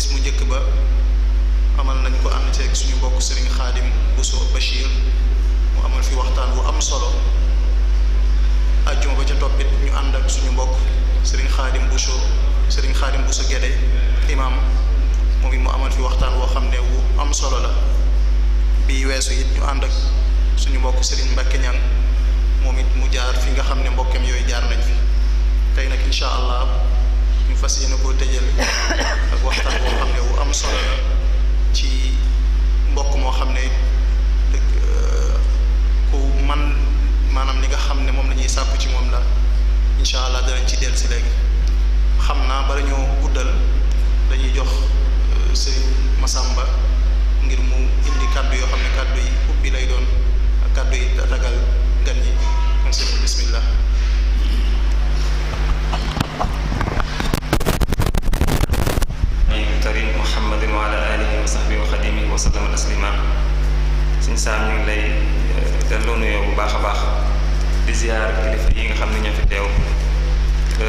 bis mu njëkk ba amal nañ ko ànd ceeg suñu mbokk sëriñ xaadim Bousso Bachir mu amal fi waxtaan bu am solo ajjuma ba ca toppit ñu ànd ak suñu mbokk sëriñ xaadim Bousso sëriñ xaadim Bousso Guédé imam moom it mu amal fi waxtaan woo xam ne wu am solo la bi weesu it ñu ànd ak suñu mbokk sëriñ Mbacke ñan moom it mu jaar fi nga xam ne mbokkam yooyu jaar nañ fi tey nag incha allah. ñu fas yéene koo tëjal ak waxtaan boo xam ne wu am solo la ci mbokk moo xam ne euh, ku man maanaam li nga xam ne moom la ñuy sàkku ci moom la incha allah danañ ci dellu si léegi xam naa bala ñoo guddal dañuy jox euh, sëriñ Masamba ngir mu indi kàddu yoo xam ne kàddu yi ubbi lay doon ak kàddu yi ragal gan yi kon sëriñ bismillah محمد وعلى اله وصحبه وخديمه وسلم تسليما سين سام ني لاي دالو نيو بو باخا باخ دي زيار كليف ييغا خامني ني في تيو ا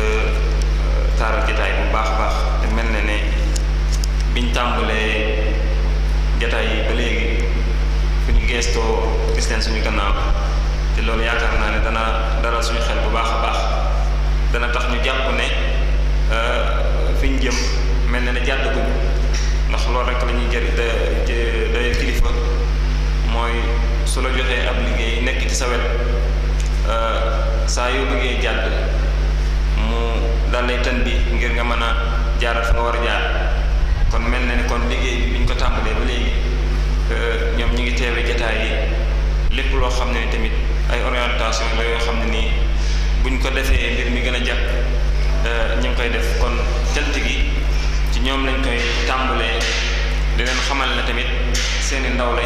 تارا جيتاي بو باخا باخ دي ملني ني بين تامبلي جيتاي بليغي فين غيستو كريستيان سوني كاناو تي لول ياكار ناني دانا دارا سوني خيل بو باخا باخ دانا تاخ ني جامبو ني ا فين جيم ملني ني جادو ndax lool rek lañuy jëri da day kilifa mooy su la joxee ab liggéey nekk ci sawet wet euh, saa yoo bëggee jàdd mu dal lay tan bi ngir nga mën a jaaral fa nga war a jaar kon mel na ni kon liggéey bi ñu ko tàmbalee ba léegi euh, ñoom ñi ngi teewe jataay yi lépp loo xam ne tamit ay orientation la yoo xam ne nii buñ ko defee mbir mi gën a jàpp euh, ñu ngi koy def kon jant gi ñoom lañ koy tàmbalee di leen xamal ne tamit seeni ndaw lañ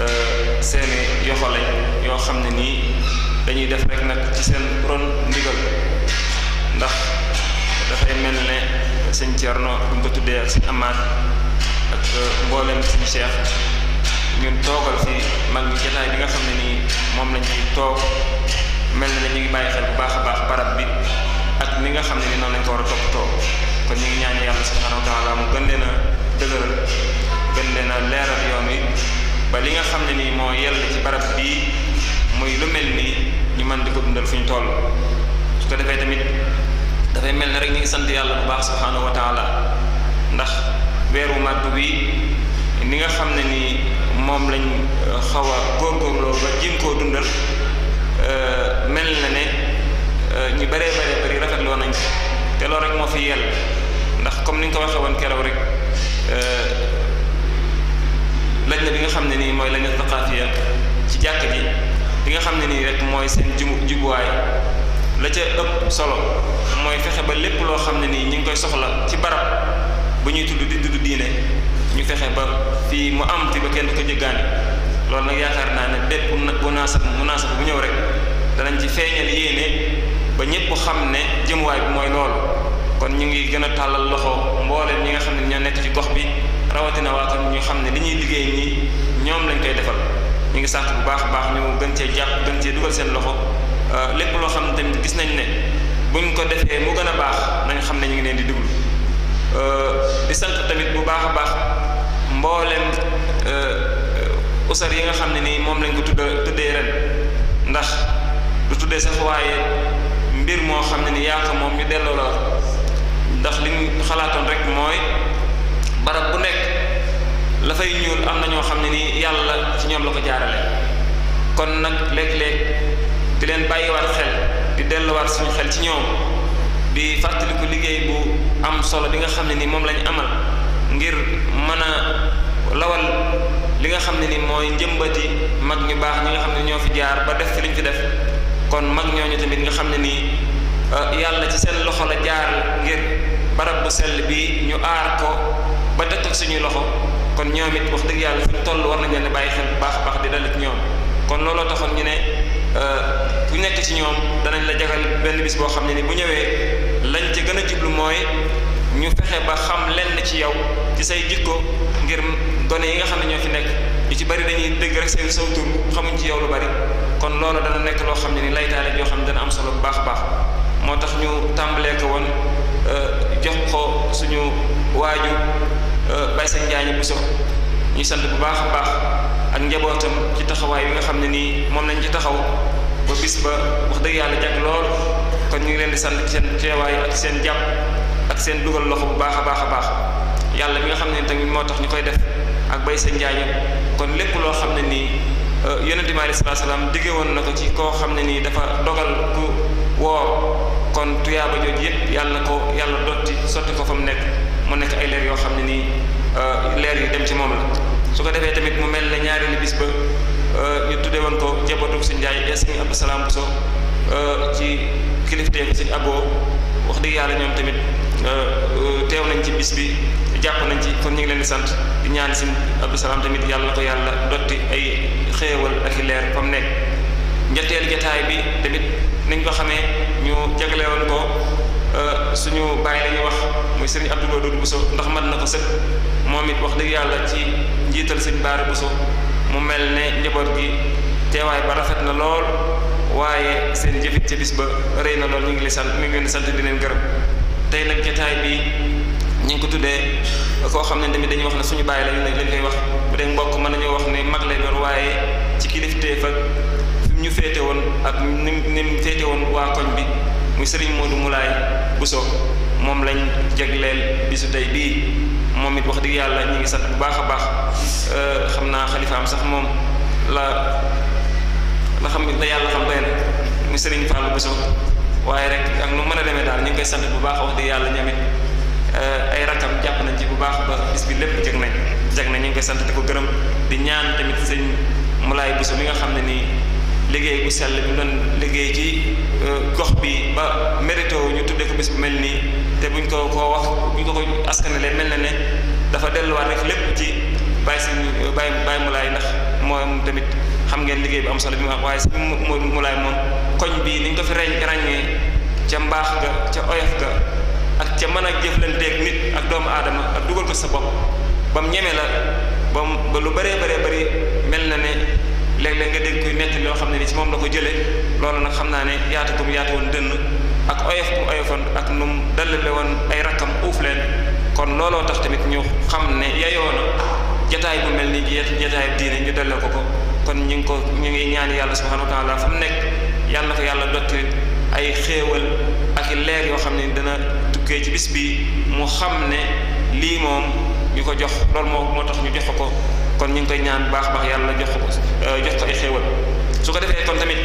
euh, seeni yoxo lañ yoo xam ne nii dañuy def rek nag ci seen ron ndigal ndax dafay mel ne sëñ Cerno buñ ko tuddee ak sëñ Amaat ak mboolem sëñ Cheikh ñun toogal fi mag ñi jataay bi nga xam ne nii moom lañ ciy toog mel na ne ñu ngi bàyyi xel bu baax a baax barab bi ak ni nga xam ne ni noonu lañ ko war a toog kon ñu ngi ñaan yàlla subhanahu wa mu gën leen a dëgëral gën leen a leeral yoon wi ba li nga xam ne nii moo yell ci barab bii muy lu mel nii ñu mën di ko dundal fu ñu toll su ko defee tamit dafay mel ne rek ñu ngi sant yàlla bu baax subhanahu wa ndax weeru màgg bi ni nga xam ne nii moom lañu euh, xaw a góorgóorloo ba jéem koo dundal euh, mel na ne euh, ñu bare baree bari rafetlu woon nañ te loo rek moo fi yell comme ni ko waxee woon keroog rek euh, laj na bi nga xam ne nii mooy lañu thaqaafiya ci jàkk ji bi nga xam ne nii rek mooy seen jubu jubuwaay la ca ëpp solo mooy fexe ba lépp loo xam ne nii ñu ngi koy soxla ci barab bu ñuy tudd di tudd diine ñu fexe ba fii mu am fi ba kenn du ko jëggaani loolu nag yaakaar naa ne bépp munaasab munaasab bu ñëw rek danañ ci feeñal yéene ba ñépp xam ne jëmuwaay bi mooy loolu kon ñu ngi gën a tàllal loxo mboolem ñi nga xam ne ñoo nekk ci gox bi rawatina waa tam ñu xam ne li ñuy liggéey nii ñoom lañ koy defal ñu ngi sant bu baax a baax ñu gën cee jàpp gën cee dugal seen loxo euh, lépp loo xam ne tamit gis nañ ne buñ ko defee mu gën a baax nañ xam ne ñu ngi leen di déglu euh, di sant tamit bu baax a baax mboolem euh, usar yi nga xam ne nii moom lañ ko tudd tëddee ren ndax du tuddee sax waaye mbir moo xam ne ni yaa moom ñu delloo la ndax li ñu rek mooy barab bu nekk la fay ñuul am na ñoo xam ne nii yàlla ci ñoom la ko jaarale kon nag léeg-léeg di leen bàyyiwaat xel di delluwaat suñu xel ci ñoom di fàttaliku liggéey bu am solo bi nga xam ne ni moom lañ amal ngir mën a lawal li nga xam ne ni mooy njëmbati mag ñu baax ñi nga xam ne ñoo fi jaar ba def liñ fi def kon mag ñooñu tamit nga xam ne nii euh, yàlla ci seen loxo la jaar ngir barab bu sell bi ñu aar ko ba dëkk suñuy loxo kon ñoom it wax dëgg yàlla fi toll war nañ ne bàyyi xel bu baax a baax di dal ci ñoom kon looloo taxoon ñu ne euh, ku nekk ci ñoom danañ la jagal benn bis boo xam ne ni bu ñëwee lañ ci gën a jublu mooy ñu fexe ba xam lenn ci yow ci say jikko ngir gone yi nga xam ne ñoo fi nekk ñu ci bari dañuy dégg rek say saw tur xamuñ ci yow lu bari kon loolu dana nekk loo xam ne ni laytaale yoo xam ne dana am solo bu baax a baax Euh, jox ko suñu waaju euh, Baye Sane Njaañ bu sox ñuy sant bu baax a baax ak njabootam ci taxawaay bi nga xam ne nii moom lañ ci taxaw ba bis ba wax dëgg yàlla jag lool kon ñu ngi leen di sant ci seen teewaay ak seen jàpp ak seen dugal loxo bu baax a baax a baax yàlla bi nga xam ne tamit moo tax ñu koy def ak bay Sane Njaañ kon lépp loo xam ne nii euh, yonente bi sa salaatu salaam digge woon na ko ci koo xam ne nii dafa dogal ku woor kon tuyaaba jooju yëpp yàlla na ko yàlla dotti sotti ko fa mu nekk mu nekk ay leer yoo xam ne nii euh, leer yi dem ci moom la su ko defee tamit mu mel ne ñaareelu bis ba euh, ñu tuddee woon ko jabootu si Ndiaye et sëñ Abdou Salaam Bousso euh, ci kilifteeku sëñ Abo wax dëgg yàlla ñoom tamit teew nañ ci bis bi jàpp nañ ci kon ñu ngi leen di sant di ñaan si Abdou Salaam tamit yàlla na ko yàlla dotti ay xëyewal ak i leer fa mu nekk ñetteel jataay bi tamit. niñ ko xamee ñu jagle woon ko euh, suñu bàyyi la ñuy wax muy sëriñ Abdou bu Bousso ndax mat na ko sëkk moom it wax dëgg yàlla ci njiital sëñ bu so mu mel ne njaboot gi teewaay ba rafet na lool waaye seen jëfit ca bis ba rëy na lool ñu ngi leen sant mi ngi leen sant di leen gërëm tey nag jotaay bi ñu ngi ko tuddee koo xam ne tamit dañu wax ne suñu bàyyi lañu lañ koy wax bu dee mbokk mën nañoo wax ne mag lay doon waaye ci kilifteef ak ñu féete woon ak ni ni mu woon waa koñ bi muy sëriñ Modou Moulay Bousso moom lañ jegleel bisu tey bii moom it wax dëgg yàlla ñu ngi sant bu baax a baax euh, xam naa xalifaam sax moom la la xam ne yàlla xam doy na muy sëriñ Fallou Bousso waaye rek ak nu mën a demee daal ñu ngi koy sant bu baax wax dëgg yàlla ñoom it euh, ay rakam jàpp nañ ci bu baax ba bis bi lépp jeg nañ jeg nañ ñu ngi koy sant di ko gërëm di ñaan tamit sëñ Moulay Bousso mi nga xam ne nii. liggéey bu sell bi doon liggéey ci euh, gox bi ba mérito ñu tuddee ko bés bu mel nii te buñ ko koo wax buñ ko ko askanalee mel na ne dafa delluwaat rek lépp ci bàyyi si euh, bàyyi bàyyi mulaay ndax moom tamit xam ngeen liggéey bu am solo bi mu wax waaye si mulaay moom koñ bi niñ ko fi ràññee ca mbaax ga ca oyof ga ak ca mën a jëflanteeg nit ak doomu aadama ak dugal ko sa bopp ba mu ñeme la ba mu ba lu bëree bëree bëri mel na ne. léeg-léeg nga dégg kuy nett loo xam ne ni ci moom la ko jëlee loolu nag xam naa ne yaatu bu mu yaatu woon dënn ak oyof bu oyofoon ak nu mu dallale woon ay rakkam uuf leen kon looloo tax tamit ñu xam ne yayoo jataay bu mel ni jataay bu diine ñu delloo ko ko kon ñu ngi ko ñu ngi ñaan yàlla subhanahu wa taala fa mu nekk yàlla ko yàlla dotti ay xéewal ak i leer yoo xam ne dana tukkee ci bis bi mu xam ne lii moom ñu ko jox loolu moo moo tax ñu jox ko ko kon ñu ngi koy ñaan baax baax yàlla jox ko euh, jox ko ay xéewal su ko defee kon tamit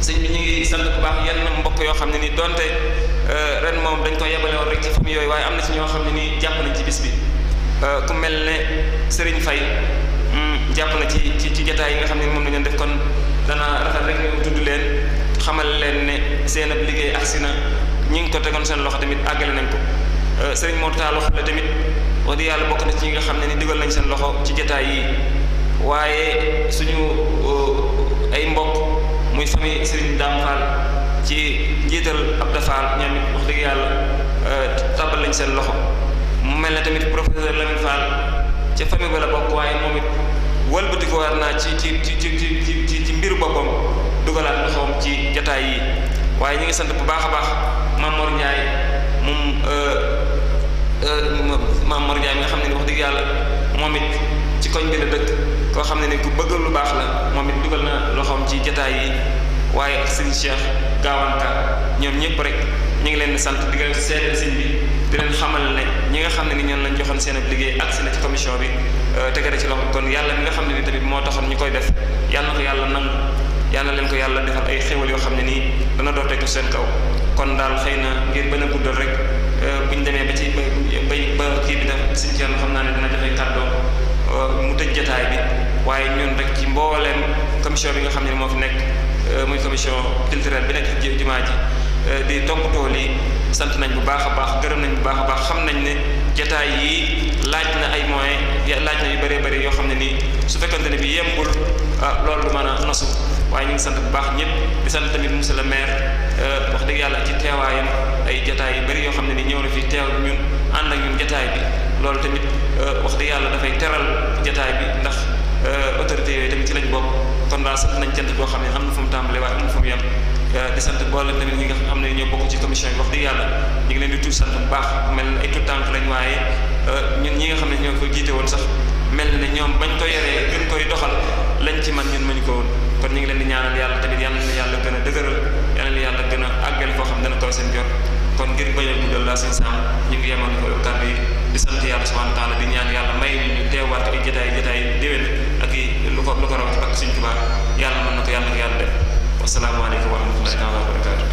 sëñ bi ñu ngi sant bu baax yenn mbokk yoo xam ne nii donte euh, ren moom dañ ko yebale woon rek yooyu waaye am na si ñoo xam ne nii jàpp nañ ci bis bi euh, ku mel ne sëriñ fay mm, jàpp na ci ci ci jataay yi nga xam ne moom la def kon dana rafet rek ñu leen xamal leen ne seen ab liggéey agsi na ñu ngi ko tegoon seen loxo tamit àggale nañ ko Serigne Mor Talla la tamit. wax dëgg yàlla bokk na ci ñi nga xam ne ni dugal nañ seen loxo ci jataay yi waaye suñu uh, ay mbokk muy famille Serigne Dame Fall ci njiital Abda Fall ñoom wax dëgg yàlla uh, tabal nañ seen loxo mu mel ne tamit professeur Lamine Fall ca famille ba la bokk waaye moom it wëlbati ko war naa ci ci ci ci ci ci mbiru boppam dugalaat loxoom ci jataay yi waaye ñu ngi sant bu baax a baax Mamour Ndiaye moom. Uh, Euh, maam Mor Ndiaye mi nga xam ne ni wax dëgg yàlla moom ci koñ bi la dëkk koo xam ne ni ku bëggal lu baax la moom it dugal na loxoom ci jataay yi waaye ak sëñ Cheikh Gaawanka ñoom ñëpp rek ñu ngi leen di sant di leen seedeel sëñ bi di leen ne ñi nga xam ne ni ñoom lañ joxoon seen ab liggéey ak seen ci commission bi euh, tegere ci loxo kon yàlla mi nga xam ne ni tamit moo taxoon ñu koy def yàlla na ko yàlla nangu yàlla leen ko yàlla defal ay xéwal yoo xam ne nii dana dooteeku seen kaw kon daal xëy na ngir bañ guddal rek euh, buñ kii bi def sëñ Thierno xam naa ne dina joxe kàddoo mu tëj jotaay bi waaye ñun rek ci mbooleem commission bi nga xam ne moo fi nekk muy commission culturelle bi nekk ci jumaa ji di toppatoo lii sant nañ bu baax a baax gërëm nañ bu baax a baax xam nañ ne jotaay yi laaj na ay moyens laaj na yu bëree bëri yoo xam ne nii su fekkante ne bi yembul loolu du mën a nosu waaye ñu ngi sant bu baax ñëpp di sant tamit monsieur le maire wax dëgg yàlla ci teewaayam ay jotaay yu bëri yoo xam ne nii ñëw na fi teew ñun ànd ak ñun jataay bi loolu tamit euh, wax dëgg yàlla dafay teral jataay bi ndax euh, autorité yooyu tamit ci lañ bokk kon daal sant nañ cant boo xam ne am na fu mu tàmbalee waaye am na fu euh, sant boole tamit nga xam ne ñoo bokk ci commission bi wax dëgg yàlla ñu ngi leen di tuuti sant bu baax mel na ay tout tànk lañ waaye ñun ñi nga xam ne ñoo ko jiite woon sax mel na ne ñoom bañ ko yoree gën koy doxal lañ ci man ñun mañu ko woon kon ñu ngi leen di ñaanal yàlla tamit yàlla na yàlla gën a dëgëral yàlla na yàlla gën a àggal foo xam dana toll seen jor kon ngir bañ a guddal laa sëñ Sam ñu ngi yemal ko kàddu di sant yàlla subhanahu di ñaan yàlla may ñu teewaat ay jotaay jotaay déwén ak i lu ko lu ko raw ci ak suñ tubaab yàlla mën na ko yàlla na yàlla def wasalaamaaleykum wa rahmatullahi taala wa barakatuh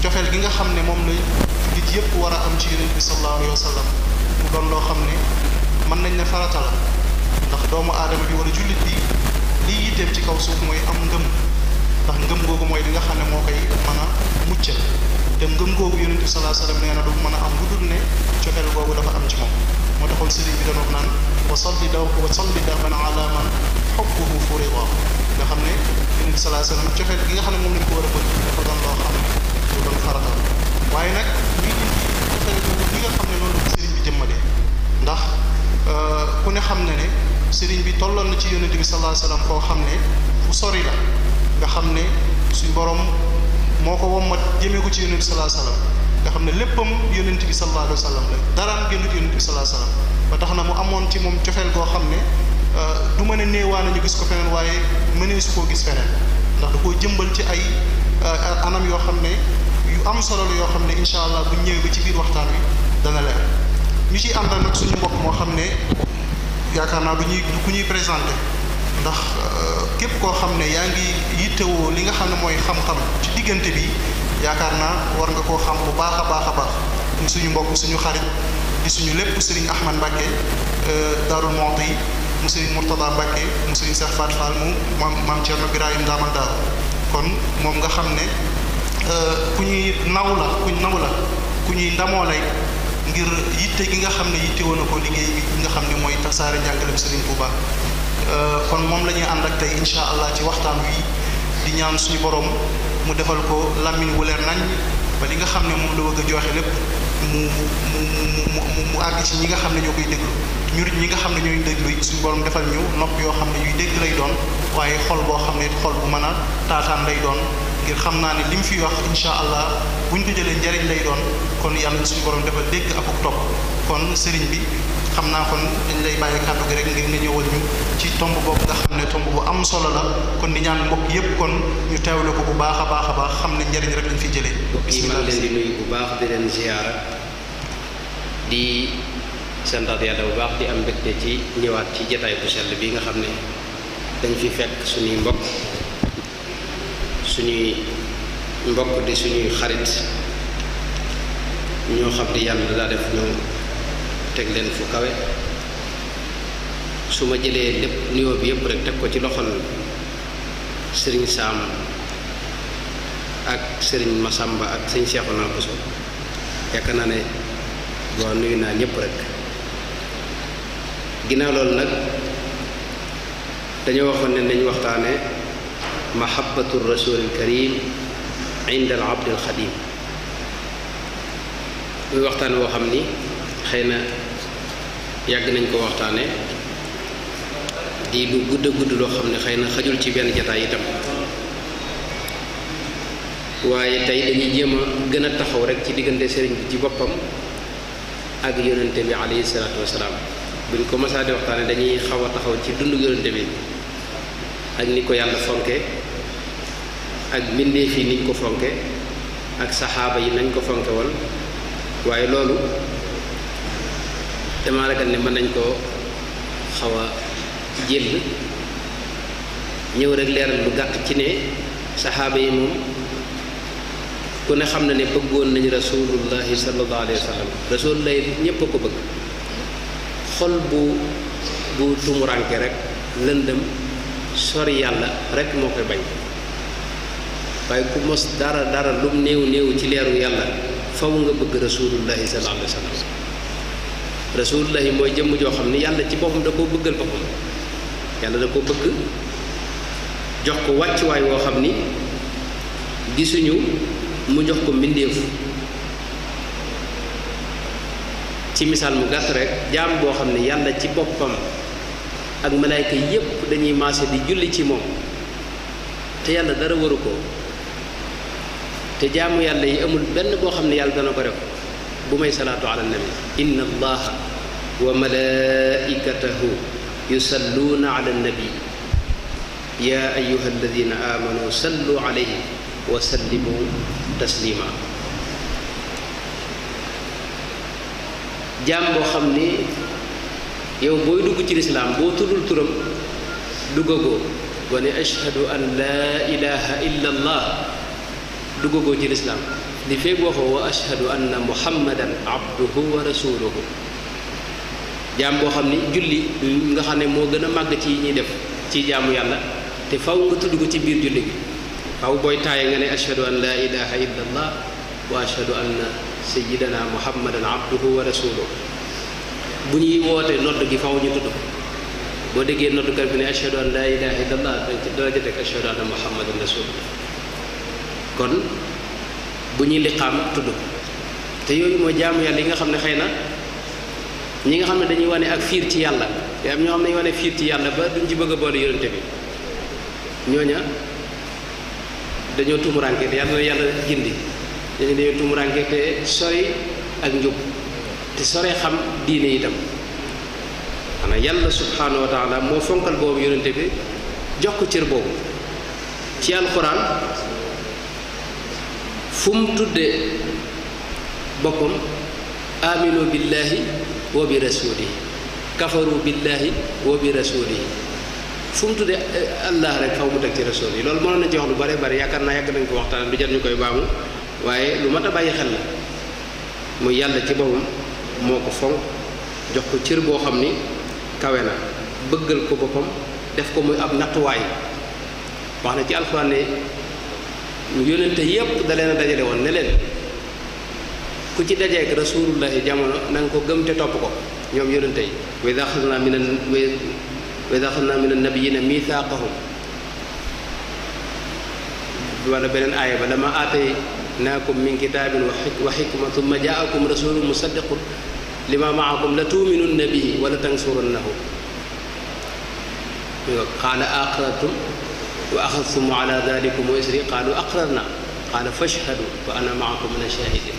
joxel gi nga xamne mom moom la jullit yépp wara am ci yeren bi sallallahu alayhi wasallam mu doon lo xamne man nañ ne faratal ndax doomu adam bi wala julit bi lii yitteem ci kaw suuf moy am ngëm ndax ngëm gogu moy li nga xamne mo koy mën muccel te ngëm gogu yeren bi sallallahu alayhi wasallam neena nee na du mën am lu ne joxel gogu dafa am ci mom mo taxoon serigne bi doon wax naan wa salli daw wa salli daw ban ala man hubbu furida nga xamne yeren bi sallallahu alayhi wasallam joxel gi nga xamne mom lañ ko wara a bëgg dafa doon lo xamne waaye nag ñuy indi li nga xam ne loolu sëriñ bi jëmmale ndax euh, ku ne xam na ne sëriñ bi tolloon na ci yonent bi sallallahu alayhi wasallam koo xam ne fu sori la nga xam ne suñ borom moo ko wom ma jëme ko ci yonent bi sallallahu alayhi wasallam nga xam ne léppam yonent bi sallallahu alayhi wasallam la daraan génnut yonent bi ba tax na mu amoon ci moom cofeel koo xam ne euh, du mën a néewaa nañu gis ko feneen waaye mënee su koo gis feneen ndax du ko jëmbal ci ay euh, anam yoo xam ne yu am solo la yoo xam ne incha allah bu ñëw ba ci biir waxtaan wi dana leer ñu ciy àndal nag suñu mbokk moo xam ne yaakaar naa du ñuy ku ñuy présenté ndax euh, képp koo xam ne yaa ngi yittewoo li nga xam ne mooy xam-xam ci diggante bi yaakaar naa war nga koo xam bu baax a baax a baax ñu suñu mbokk suñu xarit di suñu lépp sëriñ Ahmad Mbacke euh, Daarul Muxti yi mu sëriñ Murtada Mbacke mu sëriñ Cheikh Fatou Fall mu maam Thierno Birahim Daamal Daaru kon moom nga xam ne Eh, ku ñuy naw la ku naw la ku ñuy lay ngir yitte gi nga xam ne yitte woon ko liggéey bi nga xam ne mooy tasaare njàngalem sëriñ tuuba eh, kon moom la ñuy ak allah ci waxtaan wi di ñaan suñu borom mu defal ko lamine wu leer nañ ba li nga xam ne moom bëgg joxe lépp mu mu mu mu mu àgg ci ñi nga xam ne ñoo koy déglu ñu ñi nga xam ne ñooy déglu suñu borom defal ñu nopp yoo xam yu yuy lay doon waaye xol boo xam xol bu mën a lay doon ngir xam naa ne li mu fi wax incha allah bu buñ ko jëlee njariñ lay doon kon yàlla suñu borom dafa dégg akuk topp kon sëriñ bi xam naa kon dañ lay bàyyi kàddu gi rek nga ñëwal ñu ci tomb boobu nga xam ne tomb bu am solo la kon di ñaan mbokk yépp kon ñu teewlu ko bu baax a baax xam ne njariñ rek lañ fi jëlee. bisimilah maa ngi leen di nuyu bu baax di leen ziyaara di santaat yàlla bu baax di am mbégte ci ñëwaat ci jataay bu sell bi nga xam ne dañ fi fekk suñuy mbokk. suñuy mbokk di suñuy xarit ñoo xam ni yàlla daa def ñu teg leen fu kawe su ma jëlee lépp nuyoo bi yépp rek teg ko ci loxol sëriñ Saam ak sëriñ Masamba ak sëñ Seexuna Buso yaakaar naa ne waaw nuyu naa ñépp rek ginnaaw loolu nag dañoo waxoon ne nañ waxtaane محبة الرسول الكريم عند العبد الخديم في وقتنا وهمني خينا يغن نكو وقتاني دي لو غود غود لو خامني خينا خاجول تي بن جتاي تام واي تاي داني جيما غنا تاخاو رك تي ديغنت سيرن تي بوبام اك يونتبي عليه الصلاه والسلام بن كو مسا دي وقتاني داني خاوا تاخاو تي دوند ak ni ko yàlla fonke ak mbindeef yi niñ ko fonke ak saxaaba yi nañ ko fonke woon waaye loolu dama ragal ne mën nañ koo xaw a jël ñëw rek leeral lu gàtt ci ne saxaaba yi moom ku ne xam na ne bëggoon nañu rasulullahi sallallahu alayhi wa sallam rasulullahi ñépp a ko bëgg xol bu bu tumuranke rek lëndëm sori yàlla rek moo koy bay waaye ku mos dara dara lum néew néew ci leeru yàlla faw nga bëgg rasulullahi sallallahu alayhi wa sallam mooy jëmm joo xam ni yàlla ci boppam da koo bëggal boppam yàlla da koo bëgg jox ko wàccuwaay woo xam ni gisuñu mu jox ko mbindeef ci misaal mu gàtt rek jaam boo xam ni yàlla ci boppam ak malaayka yépp dañuy maase di julli ci moom te yàlla dara waru ko te jaamu yàlla yi amul benn boo xam ne yàlla dana ko def bu may salaatu ala nabi inna allah wa malaikatahu yusalluuna ala nabi ya ayuha alladina amanu sallu alayhi wa sallimu taslima jaam boo xam ne yow booy dugg ci lislaam boo tuddul turam duggagoo wane ashhadu an laa ilaha illa allah duggagoo ci lislaam li feeg waxoo wa ashhadu anna muhammadan abduhu wa rasuluhu jaam boo xam ne julli nga xam ne moo gën a màgg ci ñuy def ci jaamu yàlla te faw nga tudd ko ci biir julli gi faw booy taaye nga ne ashhadu an laa ilaha illa wa ashhadu anna sayyidana muhammadan abduhu wa rasuluhu bu ñuy wootee nodd gi faw ñu tudd boo déggee noddukat bi ne ashhadu an laa ilaha illallah dañ ci dara jëteg ashhadu anna muhammadan rasulullah kon bu ñuy liqaam tudd ko te yooyu mooy jaamu yàlla yi nga xam ne xëy na ñi nga xam ne dañuy wane ak fiir ci yàlla am ñoo xam ne dañuy fiir ci yàlla ba duñ ci bëgg a boole yonente dañoo tumuranke te yàlla yàlla dañu dañoo tumuranke te sori ak njub te sore xam diine itam xanaa yàlla subhanahu wa taala moo fonkal boobu yonente bi jox ko cër boobu ci alquran fu mu tuddee boppam aminu billahi wa bi rasulihi kafaru billahi wa bi rasulihi fu mu tuddee allah rek faw mu teg ci rasul yi loolu mënoon na ci wax lu bare bare yaakaar naa yàgg nañ ko waxtaan du jar ñu koy baamu waaye lu mat a bàyyi xel la muy yàlla ci boppam moo ko fonk jox ko cir boo xam ni kawe na bëggal ko boppam def ko muy ab nattuwaay wax na ci alxuraan ne yónnente yépp da leen a dajale woon ne leen ku ci dajeek rasulullahi jamono na nga ko gëm te topp ko ñoom yónnente yi wa idaa axadnaa mina wa idaa axadnaa mina nabiyyiina miisaaqahum wala beneen aaya ba lama aatay naakum min kitaabin wa xikma tumma jaakum rasulun musaddiqun lima maakum la tuuminunna bihi wala tansurunnahu qaala aqrartum wa axadtum ala dalikum wa isri qaalu aqrarna qaala fashhadu wa ana maakum min ashahidin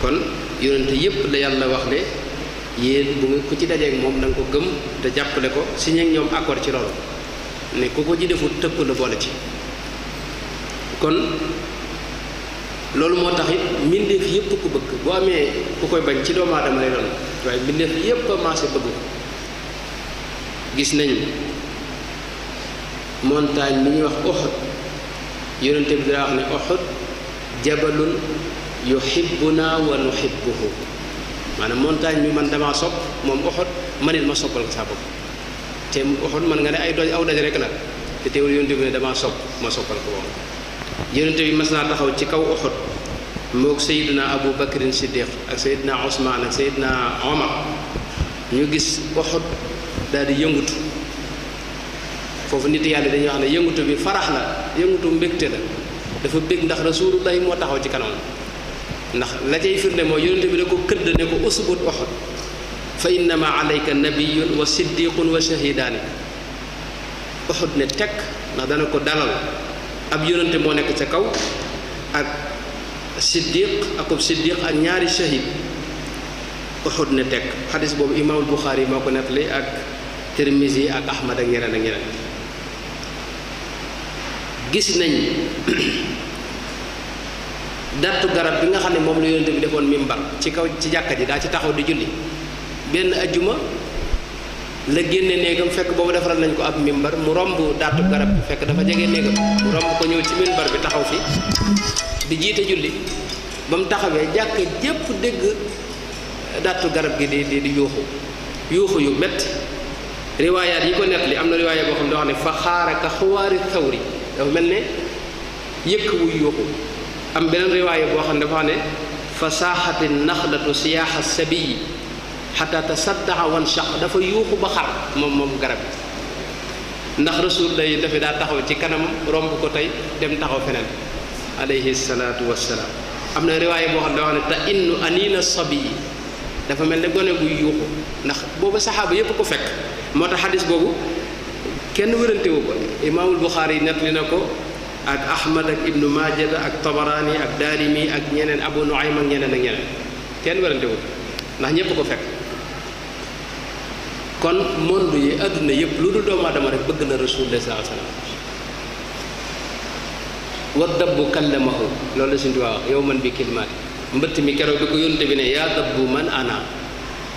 kon yonente yépp la yàlla wax ne yéen bu nga ku ci dajeeg moom na nga ko gëm te jàppale ko si ñeg ñoom accord ci loolu ne ku ko ci deful tëkku la boole ci kon loolu moo tax it mbindeef yépp ko bëgg boo amee ku koy bañ ci doomu aadama lay doon waaye mbindeef yépp a maase bëgg ko gis nañu montagne bi ñuy wax Uhud yonente bi daa wax ne Uhud jabalun yuhibbuna wa nuhibbuhu maanaam montagne bi man damaa sopp moom Uhud man it ma soppal ko te Uhud man nga ne ay doj aw daj rek la te teewul yonente bi ne damaa sopp ma soppal ko moom yonent bi mas naa taxaw ci kaw uxut moog sayiduna abu bakrin siddiq ak sayiduna osmaan ak sayiduna omar ñu gis uxut daal di yëngutu foofu nit yàlla dañuy wax ne yëngutu bi farax la yëngutu mbégte la dafa bég ndax rasulullahi moo taxaw ci kanam ndax la cay firnde moo yonent bi da ko këdd ne ko usbut uxut fa innama alayka nabiyun wa siddiqun wa shahidaani uxut ne tekk ndax dana ko dalal ab yonante moo nekk ca kaw ak siddiq akub siddiq ak ñaari shahid uxud ne teg xadis boobu imaamul buxaari moo ko nettali ak tirmisi ak ahmad ak ñeneen ak ñeneen gis nañ dattu garab bi nga xam ne moom la yonante bi defoon mimbar ci kaw ci jàkka ji daal ci taxaw di julli benn ajjuma la génne néegam fekk boobu defaral nañ ko ab mimbar mu romb daatu garab bi fekk dafa jege néegam mu romb ko ñëw ci mimbar bi taxaw fi di jiite julli ba mu taxawee jàkk jépp dégg daatu garab gi di di di yuuxu yuuxu yu métti riwaayaat yi ko nett li am na riwaayaat boo xam ne wax ne fa xaaraka xuwaari sawri dafa mel ne yëkk wuy yuuxu am beneen riwaayaat boo xam ne dafa ne fa saaxati naxlatu siyaaxa sabiyi xataa tasaddaxa wan shaq dafa yuuxu ba xar moom moom garab bi ndax rasul day dafay daa taxaw ci kanam romb ko tey dem taxaw feneen alayhi salaatu wassalaam am na riwaaye boo xam ne wax ne te innu anina sabi yi dafa mel ne gone buy yuuxu ndax boobu saxaaba yépp ko fekk moo tax xadis boobu kenn wérantewu ko imaamul buxaari nettali na ko ak ahmad ak ibnu majada ak tabaraani ak daarimi ak ñeneen abu nuaym ak ñeneen ak ñeneen kenn wérantewu ko ndax ñépp ko kon monde yi àdduna yëpp lu dul doomu aadama rek bëgg na rasulullah sallallahu alayhi wasallam wa dabbu kallamahu loolu la suñu tubaab wax yow man bi kilimaati mbëtt mi keroog bi ko yónte bi ne yaa dabbu man ana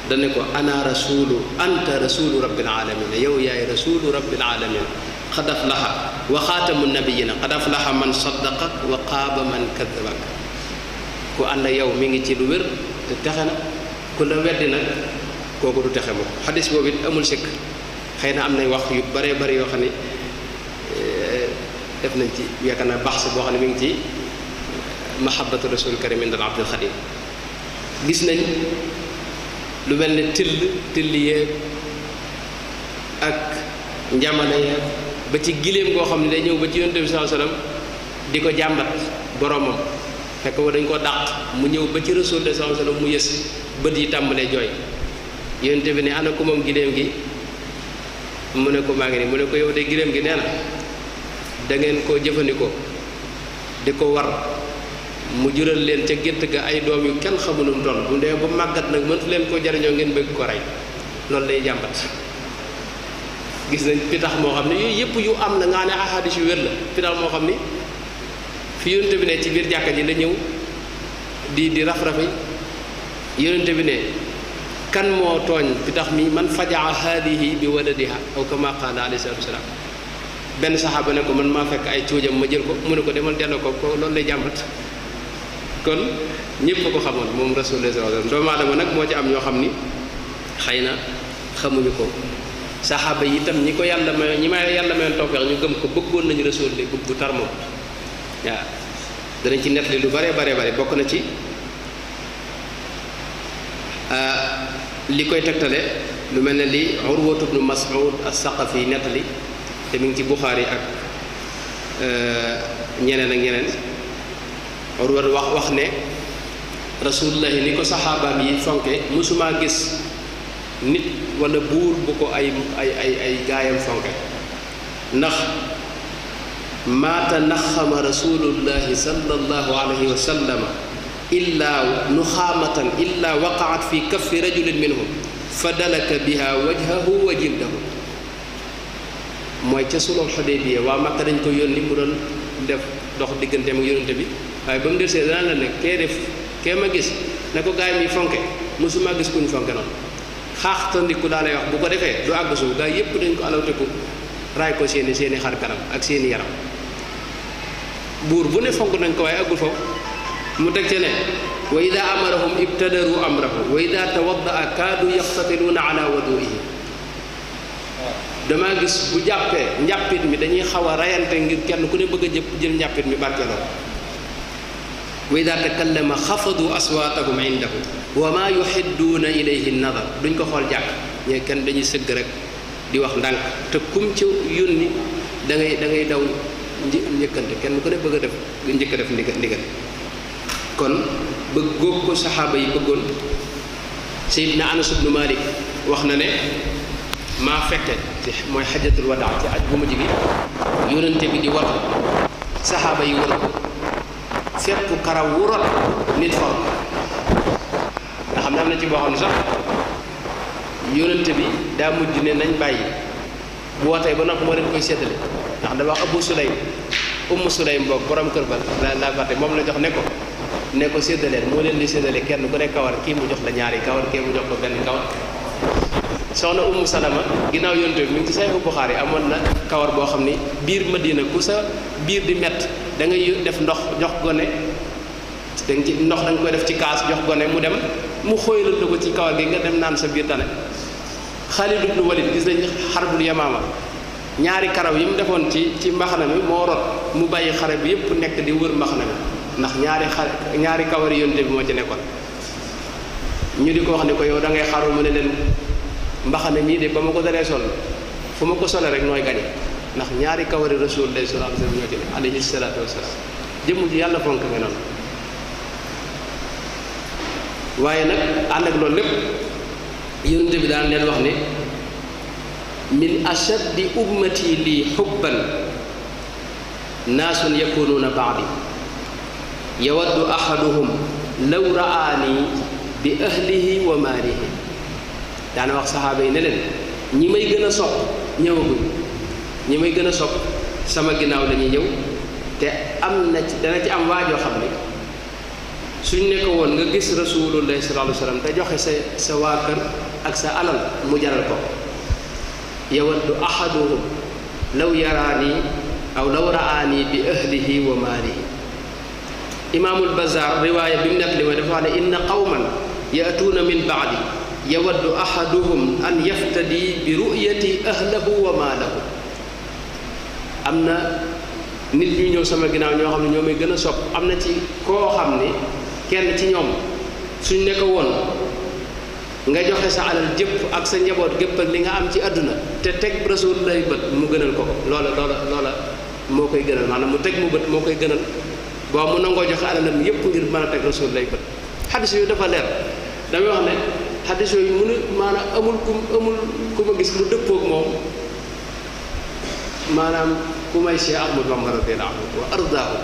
dane ko ana rasulu anta rasulu rabbil alamin yow yaay rasulu rabbil alamin qad aflaha wa xaatamu nabiyina qad aflaha man saddaqak wa qaaba man kadabak ku ànd yow mi ngi ci lu wér te texe na ku la weddi nag kooku du texe moom xadis boobu it amul sikk xëy na am nay wax yu bare bare yoo xam ne eh, def nañ ci yaakaar naa baax boo xam ne mu ngi ci eh, mahabbatu rasul karim indal abdul xadim gis nañ lu mel ne till till yeeg ak njamale yeeg ba ci giléem goo xam ne day ñëw ba ci yonent bi sallallahu alayhi wasallam di ko jàmbat boromam fekk wa dañ koo dàq mu ñëw ba ci rasul sallallahu alayhi wasallam mu yës bët yi tàmbalee jooy yonte bi ne ana ko moom gideem gi mu ne ko maa ngi ni mu ne ko yow de gideem gi nee na da ngeen ko jëfandikoo di ko war mu jural leen ca gétt ga ay doom yu kenn xamunum toll bu dee ba màggat nag mëntu leen koo jariñoo ngeen bëgg ko rey loolu lay jàmbat gis nañ pitax moo xam ne yooyu yëpp yu am na ngaa ne ahadis yu wér la pitax moo xam ni fi yonente bi ne ci biir jàkka ji la ñëw di di raf-rafi yonente bi ne kan moo tooñ bi tax mi man fajaa haadihi bi waladiha aw kama qaala alayhi salaatu wasalaam benn saxaaba ne ko man maa fekk ay cuujam ma jël ko mu ne ko demal delloo ko ko loolu lay jàmbat kon ñëpp ko xamoon moom rasulullah sallallahu alayhi wasallam doomu nag moo ci am ñoo xam ni na xamuñu ko saxaaba yi itam ñi ko yàlla may ñi ma yàlla mayoon tawfeex ñu gëm ko bëggoon nañu rasul li bu tar moom waaw danañ ci nettali lu bare bare bare bokk na ci ah, li koy tegtale lu mel na li urwatu bnu mas'ud as-saqafi nettali te mu ngi ci buxaari ak euh, ñeneen ak ñeneen urwat wax wax ne rasulullahi ni ko saxaabaam yi fonke mësumaa gis nit wala buur bu ko ay ay ay ay gaayam fonke ndax maata naxama rasulullahi sallallahu alayhi wa إلا نخامة إلا وقعت في كف رجل منهم فدلك بها وجهه وجلده mooy ca sulul xudaybiya waa Makka dañ ko yónni mu doon def dox diggante mu yónnante bi waaye ba mu desee daan la ne kee def kee ma gis ne ko gaay mi fonke mosuma gis kuñ fonke noonu xaaxtandiku daa lay wax bu ko defee du àgg suuf gaay yépp dañ ko alawteku raay ko seeni seeni xar kanam ak seeni yaram buur bu ne fonk nañ ko waaye àggul foofu mu teg ca ne wa ida amarahum ibtadaru amrahu wa ida tawaddaa kaadu yaxtatiluuna ala waduihi dama gis bu jàppee njàppit mi dañuy xaw a rayante ngir kenn ku ne bëgg a jëpp jël njàppit mi barkeeloo wa ida takallama xafadu aswaatahum indahu wa maa yuxidduuna ilayhi nadar duñ ko xool jàkk ñee kenn dañuy sëgg rek di wax ndànk te kum ci yónni da ngay da ngay daw njëkkante kenn ku ne bëgg a def njëkk a def ndigal ndigal kon bëgg ko saxaaba yi bëggoon na Anas ibnu Malik wax na ne maa fekke mooy xajatul wadaa ci aj bu mujj gi yónnante bi di war saxaaba yi war ko fépp karaw wu nit for nga xam ne am na ci boo xam ne sax yónnante bi daa mujj ne nañ bàyyi bu wootee ba noppi moo leen koy séddale ndax da wax Abu Sulaym Umm Sulaym boobu borom kër ba la la fàtte moom la jox ne ne ko séddaleen moo leen di séddale kenn ku ne kawar kii mu jox la ñaari kawar kii mu jox ko benn kawar soxna umu salama ginnaaw yonte bi mi ngi amoon na kawar boo xam ni biir madina ku sa biir di mett da ngay def ndox jox gone danga ndox da nga def ci kaas jox gone mu dem mu xóoyalal ko ci kawar gi nga dem naan sa biir tane Xaalid ibnu Walid gis ñaari karaw yi mu defoon ci ci mbaxana mi moo rot mu bàyyi xare bi yépp nekk di wër mbaxana mi ndax ñaari xar ñaari kawari yonte bi moo ci nekkoon ñu di ko wax ne ko yow da ngay xaru mu ne leen mbaxane mii de ba ma ko dalee sol fu ma ko solee rek nooy gañe ndax ñaari kawari rasul lay sala sal ñoo ci ne alayhi salaatu wasalaam jëmm ji yàlla fonk me noonu waaye nag ànd ak loolu lépp yonte bi daan leen wax ne min ashaddi ummati lii xubban naasun yakunuuna baadi يود أحدهم لو رآني بأهله وماله daana wax saxaaba yi ne leen ñi may gën a sopp ñëwaguñ ñi may gën a sopp sama ginnaaw la ñuy ñëw te am na ci dana ci am waajoo xam ne suñ ne ko woon nga gis rasulullahi sallallahu alayhi wasallam te joxe sa sa waa kër ak sa alal mu jaral ko yawaddu ahaduhum law yaraani aw law raani bi ahlihi wa maalihi إمام البزار رواية بمنقل ودفعل إن قوما يأتون من بعد يود أحدهم أن يفتدي برؤية أهله وماله أمنا na nit ñu ñëw sama ginnaaw ñoo xam ne ñoo may gën a sopp am na ci koo xam ne kenn ci ñoom suñ ne ko woon nga joxe sa alal jëpp ak sa njaboot gépp ak li nga am ci àdduna te teg rasul lay bët mu gënal ko ko loola loola loola moo koy gënal maanaam mu teg mu bët moo koy gënal boo mu nangoo joxe alalam yépp ngir mën a teg rasul lay bët xaddis yooyu dafa leer damay wax ne xaddis yooyu mënu maanaam amul ku amul ku ma gis lu dëppoog moom maanaam ku may Cheikh Ahmadou Bamba radiyallahu anhu wa ardaahu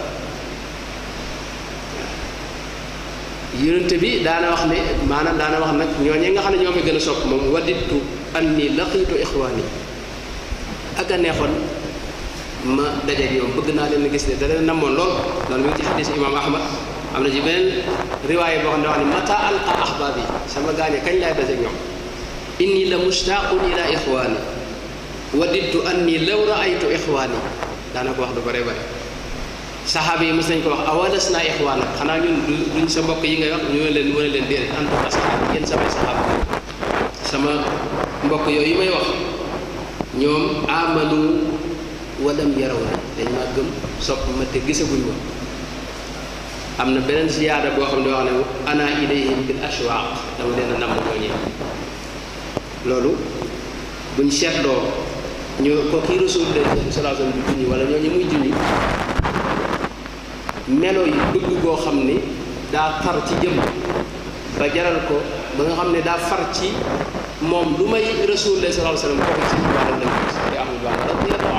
yonente bi daana wax ne maanaam daana wax nag ñooñee nga xam ne ñoo ma gën a sopp moom waditu anni laqitu ixwaani ak a neexoon ma dajeeg yow bëgg naa leen a gis ne da leen namoon lool loolu mi ci xadis imam ahmad am na ci beneen riwaayé boo xam ne wax ne mata alqa ahbaab yi sama gaañe kañ laay la mushtaaqun ila ixwaani wadittu anni law raaytu ko wax du bare bare saxaaba yi ko wax awalas naa sa mbokk yi ngay wax ñu leen mën may wax ñoom amanu walam yaraw na dañ ma gëm sopp ma te gisaguñ ma am na beneen siyaada boo xam ne wax ne ana ilayhim bil ashwaaq dama leen a namm ñooñee loolu buñ seetloo ñu ko kii rasul de sallallahu alayhi wa sallam bi junni wala ñooñu muy junni melo yi dugg goo xam ni daa far ci jëm ba jaral ko ba nga xam ne daa far ci moom lu may rasul de sallallahu alayhi wa sallam kooku si wàllu dëkk bi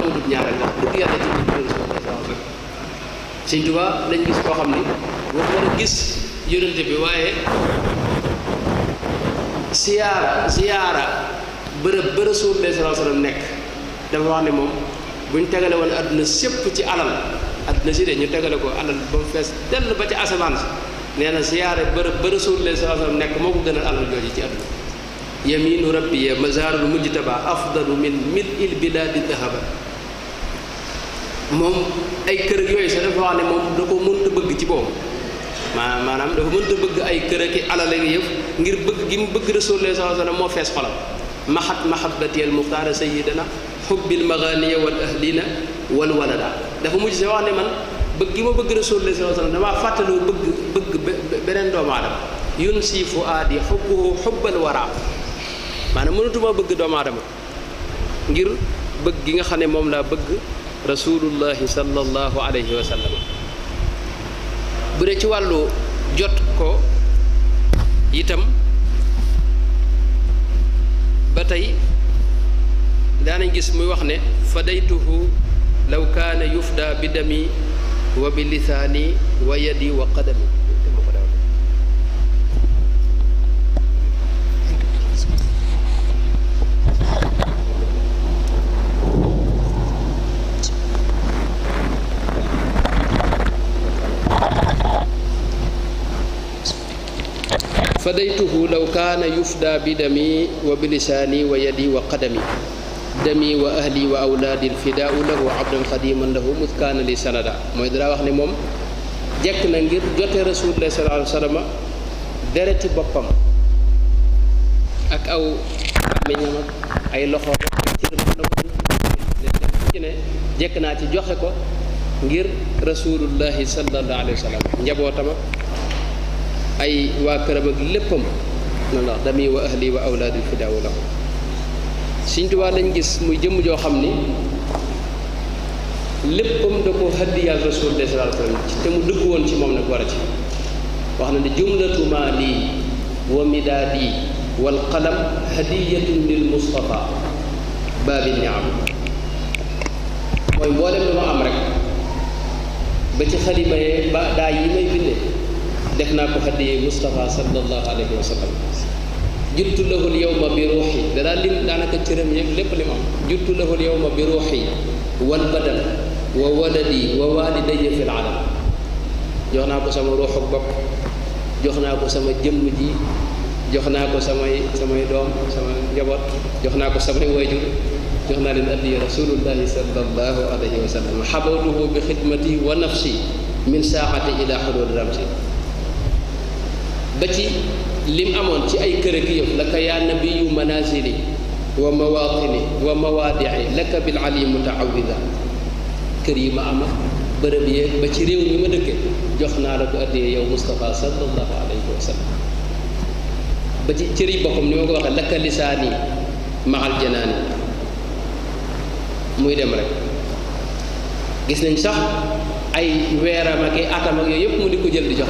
amul lu ñaareel ndax ci biir loolu suñu lañ gis koo xam ni boo mën a bi waaye siyaara siyaara bërëb ba Rasuul sallallahu alayhi wa sallam nekk dafa wax ne moom bu ñu tegale woon àdduna sépp ci alal àdduna si de ñu tegale ko alal ba mu fees dell ba ci asamaan si nee na siyaare bërëb ba Rasuul sallallahu alayhi wa nekk moo ko gënal alal jooju ci àdduna yaminu rabbiya mazaarul mujtaba afdalu min mil il bilaadi dahaba moom ay kër ak yooyu sax dafa wax ne moom da ko mënta bëgg ci boobu maanaam dafa mënta bëgg ay kër ak i alal ak yëf ngir bëgg gi mu bëgg rasulullah sallallahu alayhi wasallam moo fees xolam maxat mahabati al muxtaara sayidana xubbil maganiya wal ahlina wal walada dafa mujj sa wax ne man bëgg gi ma bëgg rasulullah sallallahu alayhi wasallam damaa fàttaloo bëgg bëgg beneen doomu aadama yun si fu aadi xubbuhu xubbal wara maanaam mënatuma bëgg doomu aadama ngir bëgg gi nga xam ne moom laa bëgg rasulullahi sallallahu alayhi bu dee ci wàllu jot ko itam ba tey daanañ gis muy wax ne fadaytuhu law kaana yufda bi dami wa bi lisaani wa yadi wa qadami fadaytuhu law kaana yufda bi dami wa bilisaani wa yadi wa qadami dami wa ahli wa awlaadi alfidaau lahu abdan xadiman lahu mus kaana li sanada mooy dara wax ne moom jekk na ngir jote rasulullah sallallahu ay loxo ci jekk naa ci joxe ko ngir rasulullahi sallallahu alayhi wa sallam njabootam ay waa këram ak léppam noonu la dami wa ahli wa awlaadi fidaawu lahu Sëñ Tuubaa lañ gis muy jëmm joo xam ni léppam da ko hadiyaal rasul de sallallahu alayhi te mu dëgg woon ci moom nag war a ci wax na ne jumlatu maali wa midaadi wa qalam hadiyatun lil mustafa baabi niam mooy mboolem lu ma am rek ba ci xalima yee ba daay yi may bindee دهنا كهدي مصطفى صلى الله عليه وسلم جبت له اليوم بروحي دا لين كترم يم لب لما جبت له اليوم بروحي والبدل وولدي ووالدي في العالم جهنا كسم روح بك جهنا كسم جمجي جهنا كسم سم دوم سم جبر جهنا كسم ويجر جهنا للنبي رسول الله صلى الله عليه وسلم حبوته بخدمتي ونفسي من ساعة إلى حدود رمزي بتي لم أمون تي أي كركيف لك يا نبي منازلي ومواطني ومواضعي لك بالعلي متعودا كريم أما بربي بتي ريو ممدك جخنا لك أدي يا مصطفى صلى الله عليه وسلم بتي تري بكم نيوغو لك لساني مع الجنان موي دم رك غيس نين صاح اي ويرام اكي اتام يييب مو ديكو جيل دي جخ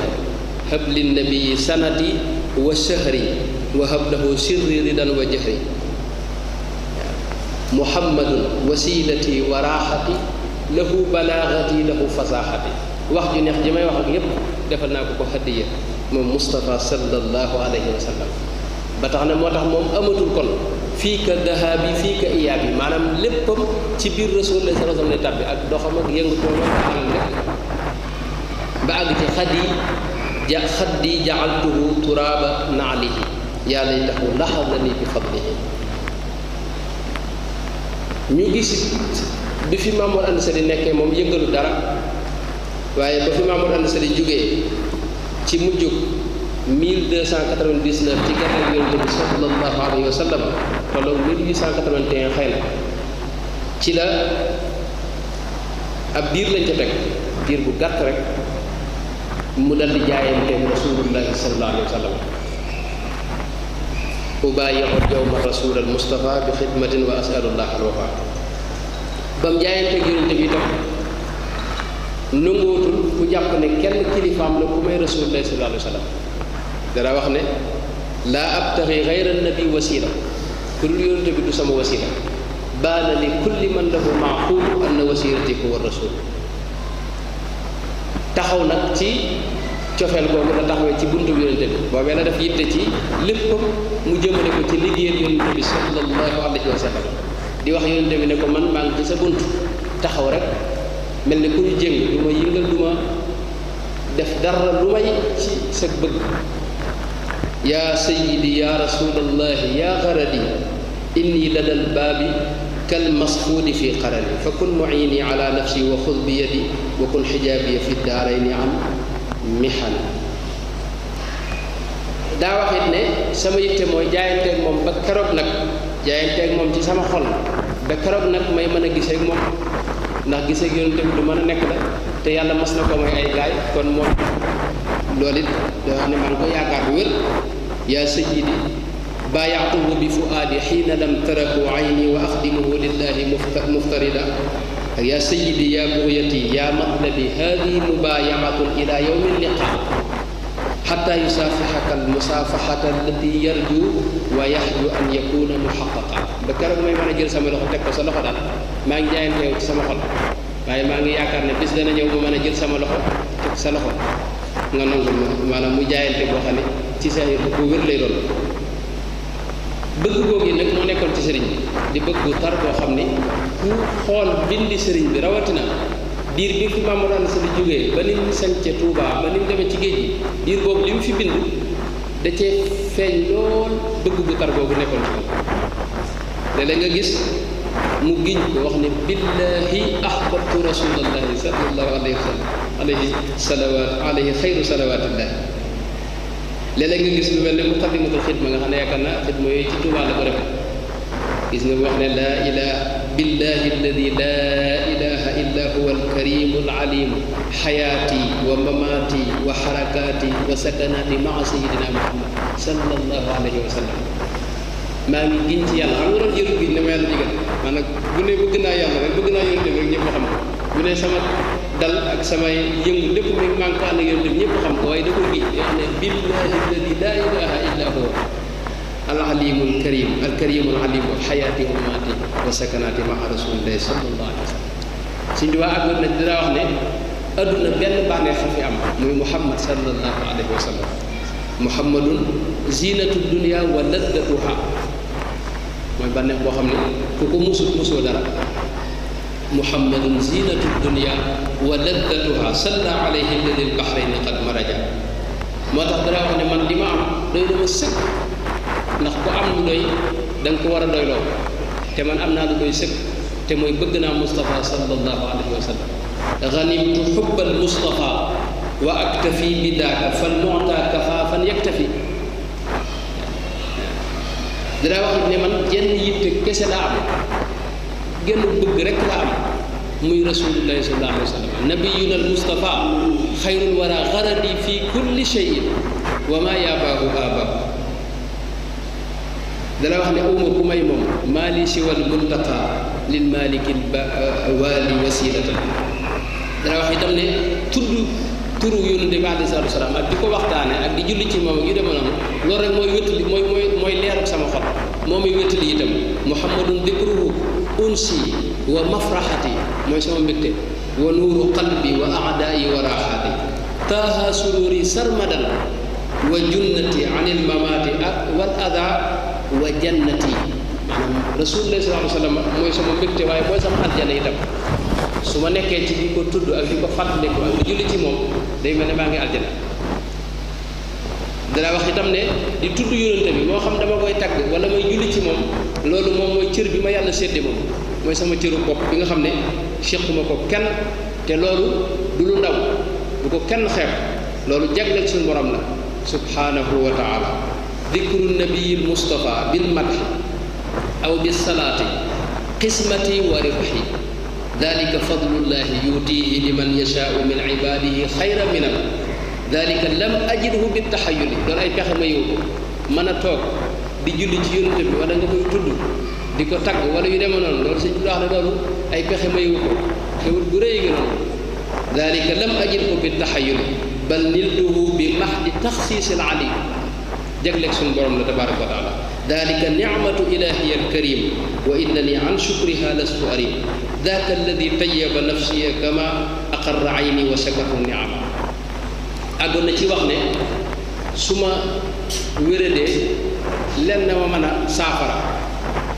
هب للنبي سندي وسهري وهب له سري رضا وجهري محمد وسيلتي وراحتي له بلاغتي له فصاحتي واحد نخ جماي واحد يب دفعنا كوكو هدية من مصطفى صلى الله عليه وسلم بتعنا ما تحم أمد الكل فيك الذهاب فيك إيابي معنا لبم تبير رسول الله صلى الله عليه وسلم نتابع دخمة ينقطع ما تعلم بعد كخدي ja xaddi jaaltuhu turaaba naalihi yaa laytahu laxadani bi fadlihi ñu gis bi fi Mamour Anta Sali nekkee moom yëngalu dara waaye ba fi Mamour Anta Sali jógee ci mujjug 1299 ci gàttal yonente bi sallallahu alayhi wa sallam tolloog 1881 xëy na ci la ab diir lañ ca teg diir bu gàtt rek mu dal di jaayanteeg rasulullahi sallallahu alayhi wa sallam ubaayi'u yawma rasulal mustafa wax ne laa abtaxi xayra nabi wasila ku dul bi du sama wasila baana li kulli man lahu maaquulu anna wasilati huwa rasul taxaw nag ci cofeel googu la taxawee ci buntu yonente bi boobee la def yitte ci lépp mu jëmale ko ci liggéeyal yonente bi sallallahu alayhi wa sallam di wax yonente bi ne ko man maa ngi ci sa bunt taxaw rek mel ni ku ñu jéng du ma yëngal du ma def dara lu may ci sa bëgg yaa sayidi yaa rasulallahi yaa xaradi inni ladal baabi كالمصفون في قرنه فكن معيني على نفسي وخذ بيدي وكن حجابي في الدارين عن محن دا واخيت ني سماي تيموي جايانتك موم بكروك نك جايانتك موم سي سما خول بكروك نك ماي مانا غيسيك موم ناخ غيسيك يونتك دو مانا نك دا تي يالا مسنا كو ماي اي جاي كون موم لوليت دا ني مانكو ياكار وير يا سيدي بايعته بفؤادي حين لم ترك عيني وأخدمه لله مفتردا يا سيدي يا بغيتي يا مطلبي هذه مبايعة إلى يوم اللقاء حتى يصافحك المصافحة التي يرجو ويحجو أن يكون محققا بكرة ما يمانا جل سما لخو تك سما لخو ما نجي جاين تيو سما لخو باي ما نجي ياكار نه بس دانا نيو مانا جل سما لخو تك سما لخو nga nangul maanaam mu jaayante boo xam ne ci sa bëgg googu nag moo nekkoon ci sëriñ bi di bëgg bu tar boo xam ne ku xool bindi sëriñ bi rawatina diir bi fi Maam Mor Anta Sali jógee ba ni mu sañce Touba ba ni mu demee ci géej gi diir boobu li mu fi bind da cee feeñ lool bëgg bu tar boobu nekkoon ci moom léeg nga gis mu giñ ko wax ne billahi ahbabtu rasulallahi sallallahu alayhi wa sallam alayhi salawaat léeg-léeg nga gis lu mel ne mu xaddimatul xidma nga xam ne yaakaar na xidma yooyu ci Tuubaa la ko defee gis nga mu wax ne laa ilaha billahi alladi laa ilaha illa huwa alkarimu alalimu xayaati wa mamaati wa xarakaati wa sakanaati maa sayidina muhammad sallallahu alayhi wa sallam maa ngi giñ ci yàlla xam nga doon jëru giñ ne ma yàlla digal maanaam bu ne bëgg naa yàlla rek bëgg naa yónte rek ñëpp xam bu ne sama dal ak samay yëngu lépp rek maa ngi ko ànd ak yoon ñëpp xam ko waaye da gi yoo ne billahi alladi laa ilaha illa huwa alalimul karim alkarimul alimu xayaati wa wa sakanaati maa rasulillahi sallallahu alayhi wa sallam suñ duwaa àggoon na wax ne adduna benn bànneex fa fi am muy muhammad sallallahu wa sallam muhammadun zinatu dunia wa laddatuha mooy bànneex boo xam ne ku ko musut musoo dara محمد زينة الدنيا ولذتها صلى عليه الذي البحرين قد مرجا ما تقدر أن من دماء دير مسك نخبو أم دوي دن كوار دوي لو تمن أم نال دوي سك تموي بدنا مصطفى صلى الله عليه وسلم غنمت حب المصطفى وأكتفي بذاك فالمعطى كفى فليكتفي دراوا من من ين يبت كسل أعمل genn bëgg rek la am muy rasulullahi sallallahu alayhi wa sallam nabiyuna al mustafa xayrul wara garadi fi kulli cheyin wa ma yaabaahu aabaahu dana wax ne uma ku may moom maali siwal muntaqa lil maliki waali wasilatan dana wax itam ne tudd turu yonente bi alei salatu wasalaam ak di ko waxtaane ak di julli ci moom ak yu demee noonu loolu rek mooy wéttali mooy mooy mooy leeru sama xol moo muy wéttali itam muhammadun dikruhu unsi wa wa nuuru qalbi wa wa raaxaati taaha sururi sarmadan wa junnati anil mamaati ak wal wa jannati maanaam rasulullah sallallahu alayhi wa sallam mooy sama mbégte waaye mooy sama aljana su ma nekkee ci di ko tudd ak di ko fàttaliku ak di julli ci moom day mel ne maa ngi aljana dana wax itam ne di tuddu yonante bi moo xam dama koy tagg wala may julli ci moom loolu moom mooy cër bi ma yàlla séddi moom mooy sama cëru bopp bi nga xam ne séquma ko kenn te loolu du lu ndaw du ko kenn xeeb loolu jagleel suñu borom la subhanahu wa taala ذكر النبي المصطفى بالمدح أو بالصلاة قسمتي وربحي ذلك فضل الله يؤتيه لمن يشاء من عباده خيرا من الله dalika lam ajidhu bi taxayuli loolu ay pexe mayu ko mën a toog di julli ci yonente bi wala nga koy tudd di ko tagg wala yu demee noonu loolu sëñ bi wax ne loolu ay pexe mayu ko xewul bu rëy gi noonu dalika lam ajidhu bi taxayuli bal niltuhu bi maxdi taxsiis al alim jagleeg suñu borom la tabaraka wa taala ذلك نعمة إلهي الكريم وإنني عن شكرها لست أريم ذاك الذي طيب نفسي كما أقر عيني وسكت النعمة àggoon na ci wax ne su ma wéradee lenn ma mën a saafara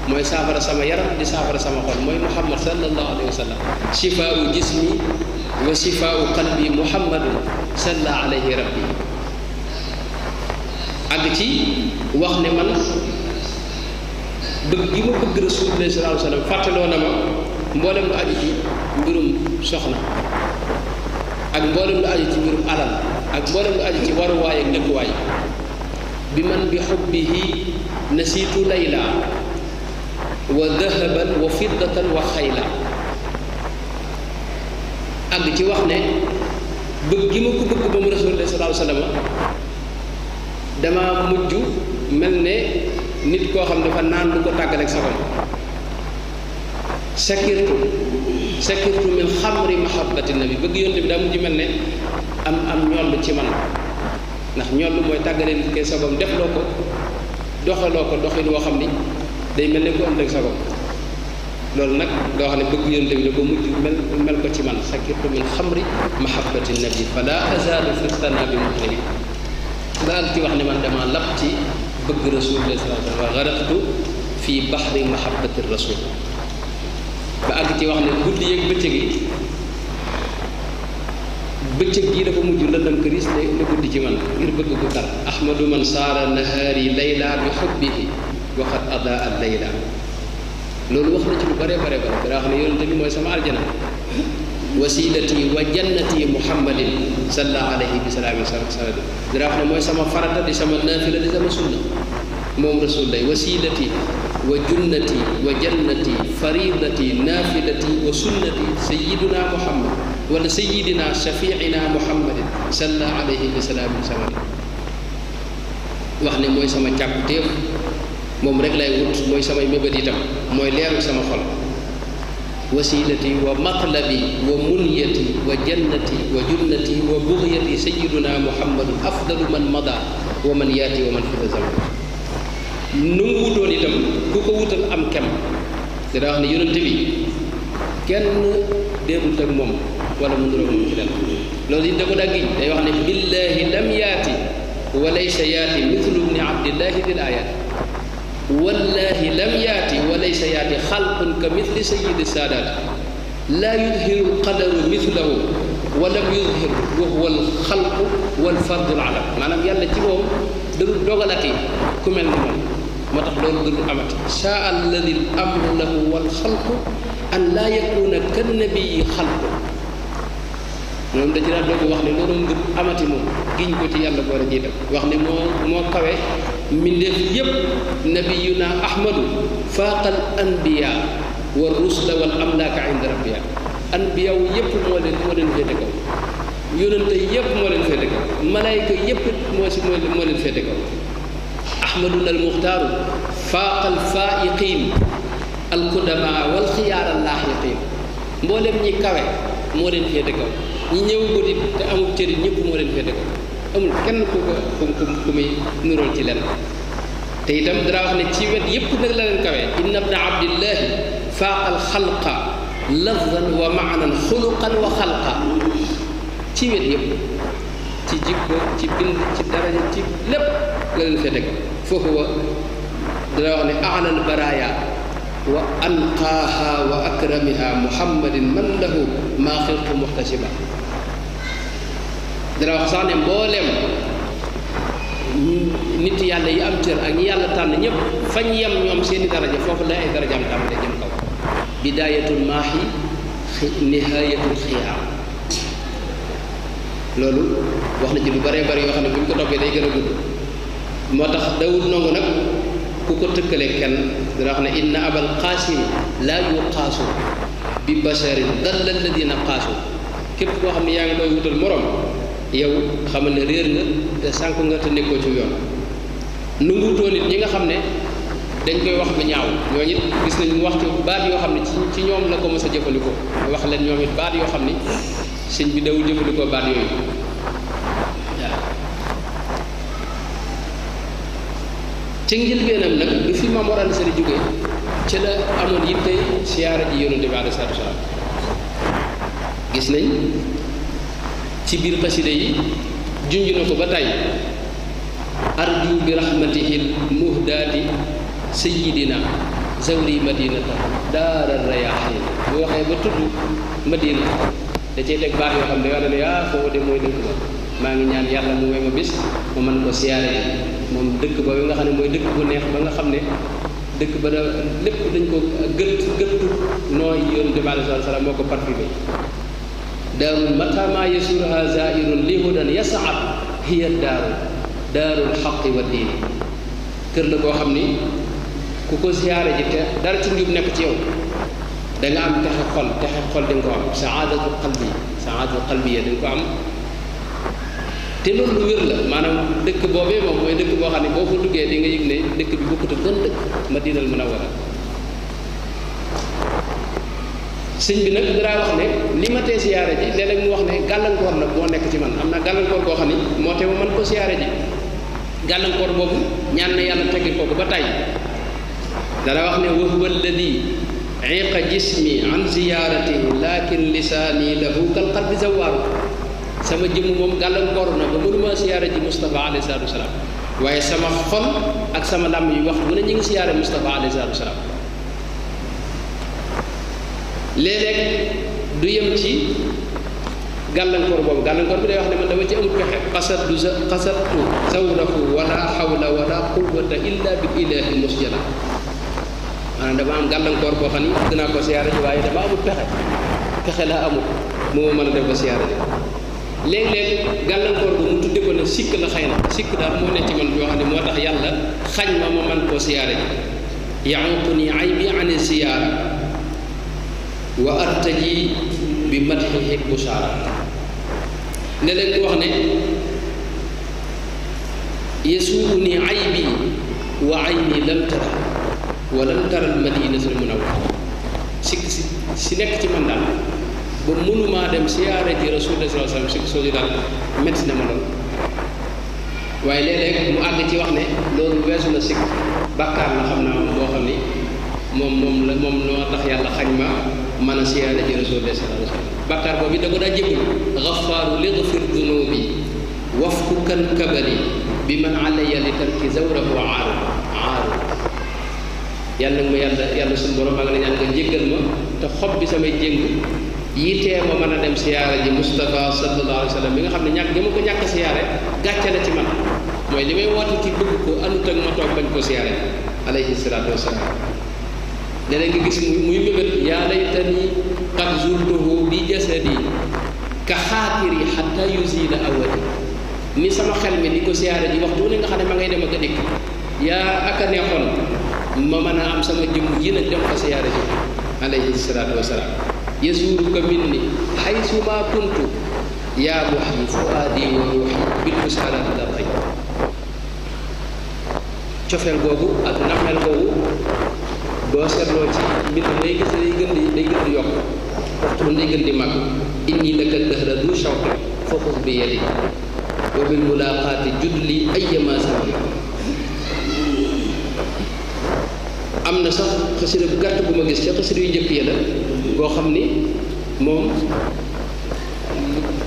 mooy saafara sama yaram di saafara sama xol mooy muhammad sallallahu alayhi wa sallam shifaau jismi wa shifaau qalbi muhammadun salla alayhi ci wax ne man bëgg gi ma bëgg rasulullah sallallahu alayhi ma mboolem lu aju ci mbirum soxna ak mboolem lu aju ci mbirum alal ak mboolem lu aju ci waruwaay ak dëkkuwaay bi man bi xubbihi nasiitu layla wa dahaban wa fiddatan wa xayla àgg ci wax ne bëgg gi ma ko bëgg ba mu rasulullah sallallahu dama mujj mel ne nit koo xam ne fa naan lu ko tàggaleeg saxoon sakirtu sakirtu min xamri mahabbati nabi bëgg yonte bi daa mujj mel ne am am ñoll ci man ndax ñoll mooy tàggalee nit kay sagom def loo ko doxaloo ko doxin woo xam ni day mel ne ko am rek sagom loolu nag loo xam ne bëgg yonte bi da ko mujj mel mel ko ci man sakirtu min xamri mahabbati nabi fala azalu firtana bi muxrimi ba ak ci wax ne man dama lap ci bëgg rasulullah sallallahu alayhi wa sallam garaqtu fi baxri mahabbati rasul ba àgg ci wax ne guddi yeeg bëccëg yi بتشك جيلا بمو جلال دم كريس لكو دي جمان يربك كتر أحمد من سار نهاري ليلى بحبه وقد أضاء الليلة لول وخنا جلو بري بري بري بري أخنا يولن تبي موي سمع الجنة وسيلتي وجنتي محمد صلى عليه وسلم سلام سلام در أخنا موي سمع فرطة دي سمع نافلة دي سمع سنة موم رسول الله وسيلتي وجنتي وجنتي فريضتي نافلتي وسنتي سيدنا محمد ولسيدنا شفيعنا محمد صلى عليه وسلم سلام wax ne mooy sama موم moom لاي ووت موي سما samay تام موي ليرو سما خول وسيلتي ومقلبي ومنيتي وجنتي وجنتي وبغيتي سيدنا محمد أفضل من مضى ومن ياتي ومن في الزمن نمو دوني تام كوكو ووتال أم كم دراهم يونتبي كين ديم تك موم ولا مدرك من كلا لو دي دكو دقي دا يوحنا بالله لم ياتي وليس ياتي مثل ابن عبد الله ذي الآيات والله لم ياتي وليس ياتي خلق كمثل سيد السادات لا يظهر قدر مثله ولم يظهر وهو الخلق والفرد العلم معنام يالا تي موم دول دوغلاتي كومل موم motax loolu dul amat sha alladhi al-amru lahu wal khalqu an la yakuna kan moom da ci daan wax ne loo amati moom giñ ko ci yàlla boole jiital wax ne moo moo kawe mbindeef yépp nabiyuna ahmadu faaqal anbiya wa rusla wal amlaaka inda yépp moo leen moo leen féete kaw yónante yépp moo leen féete kaw malayka yépp moo si kaw ñi kawe moo leen féete kaw ñi ñëwagul it te amul cëri ñëpp moo leen féete ko amul kenn ku ko ku ku ku muy nurool ci lenn te itam danaa wax ne ci wet yépp nag la leen kawee inna bna abdillahi faaqa al xalqa lafzan wa maanan xuluqan wa xalqa ci wet yépp ci jikko ci bind ci daraja ci lépp la leen féete ko foofu wa danaa wax ne aalal baraaya wa anqaaha wa akramiha muhammadin man lahu maa xilqu muxtasiba dana wax sax ne mbooleem nit yàlla yi am cër ak ñi yàlla tànn ñëpp fañ yem ñoom seeni daraja foofu la ay darajaam tàmbalee jëm kaw bidaayatul maaxi nihaayatul xiyaam loolu wax na ci lu baree bari yoo xam ne bu ñu ko toppee day gën a gudd moo tax dawul nangu nag ku ko tëkkale kenn dana wax ne inna abal qaasim laa yuqaasu bi basharin la alladina qaasu képp koo xam ne yaa ngi koy wutal morom yow xamal na réer nga te sànku nga te nekkoo ci yoon nunguutoo nit ñi nga xam ne dañ koy wax lu ñaaw ñooñu it gis nañ mu wax ci baat yoo xam ne ci ñoom la ko mës a jëfandikoo wax leen ñoom it baat yoo xam ne sëñ bi dawul jëfandikoo baat yooyu waaw ci njëlbeenam nag du fi Maam Mor Anta Sali jóge ci la amoon yitte siyaara ji Yonent bi alayhi salaatu wa gis nañ ci biir xasida yi junj na ko ba tey arju bi rahmatihil muhdaati sayyidina zawri madinata daaral rayaaxin bu waxee ba tudd madina da cay teg baax yoo xam ne yàlla ne yaa foofu de mooy dëkk ba maa ngi ñaan yàlla mu may ma bis ma mën ko siyaare moom dëkk ba bi nga xam ne mooy dëkk bu neex ba nga xam ne dëkk ba da lépp dañ ko gët gëttu nooy yoon bi alayhi salaam moo ko particulier daarun mata maa yasuruha zairun li hudan yasaat hiya daaru daarul xaqi wa diini kër la koo xam ni ku ko siyaare ji te dara ci njub nekk ci yow danga am texe xol texe xol di ko am saadatu qalbi saadatu qalbi ya di nga ko am te loolu lu wér la maanaam dëkk boobee moom mooy dëkk boo xam ne boo ko duggee di nga yëg ne dëkk bi bokkut ak benn dëkk madinal munawwara sin bi nag dara wax ne li ma tee siyaare ji mu wax ne gàllankoor la boo nekk ci man am na gàllankoor goo xam ne moo te ma man ko siyaare ji gàllankoor boobu ñaan na yàlla teggil ko ba tey dara wax ne wa huwa alladi jismi جسمي عن زيارته لكن لساني له كالقلب زوار sama jëm moom gàllankoor na ba mënuma siyaare ji Moustapha alayhi salaatu sama xol ak sama làmm yi wax mu ne ñu ngi alayhi léeg du yem ci gàllankoor boobu gàllankoor bi day wax ne man dama ci amul pexe xasatu xasatu sawrahu wala xawla wala quwata illa bil ilahi musjala maanaam dama am gàllankoor boo xam ni dinaa ko siyaare ji waaye pexe pexe laa moo mën a def ba siyaare ji léeg-léeg gàllankoor bu mu tudde ko ne sikk la xëy na sikk daal moo ne ci man yoo xam ne moo tax yàlla xañ ma ma man koo siyaare ji yaququ ni aybi an siyaara وأرتجي بمدحه بشارة نلك وحنا يسوءني عيبي وعيني لم ترى ولم ترى المدينة المنورة سك سنكت من دال بمنو ما دم سيارة رسول الله صلى الله عليه وسلم سك سوجي دال متنا ملون waaye léeg-léeg mu àgg ci wax ne loolu weesu na sikk bàkkaar la xam naa boo xam ni mën a siyaare ci rasul de sallallahu alaihi wasallam bakkar boobu da ko daa jégul xafaaru li xafir dunubi wafku kan kabari bi man alayya li tarki zawrahu aaru aaru yàlla ma yàlla yàlla suñu borom maa ngi la ñaan nga jéggal ma te xob bi samay jéng yitee ma mën dem siyaara ji Moustapha sallallahu alaihi wasallam bi nga xam ne ñàkk gi ma ko ñàkk siyaare gàcce la ci man mooy li may woote ci bëgg ko anut ak ma toog bañ ko siyaare alayhi salaatu wasalaam léeg-léeg nga gis muy mébét yaa laytani qad zultuhu bi jasadi ka xaatiri xatta yuzida awali ni sama xel mi di ko siyaare ji waxtu ne nga xam ne ma ngay dem ak a dikk yaa ak a neexoon ma mën a am sama jëmm ji nag dem fa siyaare ji alayhi salaatu wasalaam yasuuruka minni xaysu maa kuntu yaa muxyi fuaadi wa ruuxi bil musaalaat la rëy cofeel googu ak namel googu boo seetloo ci mbir mi day gis day gën di day gën di yokk waxtu day gën di mag inni laka dahra du shawqa foofu bi yadi wa bil mulaqaati judli ayyama sabi am na sax xasida bu gàtt bu ma gis ci xasida yu njëkk ya la boo xam ni moom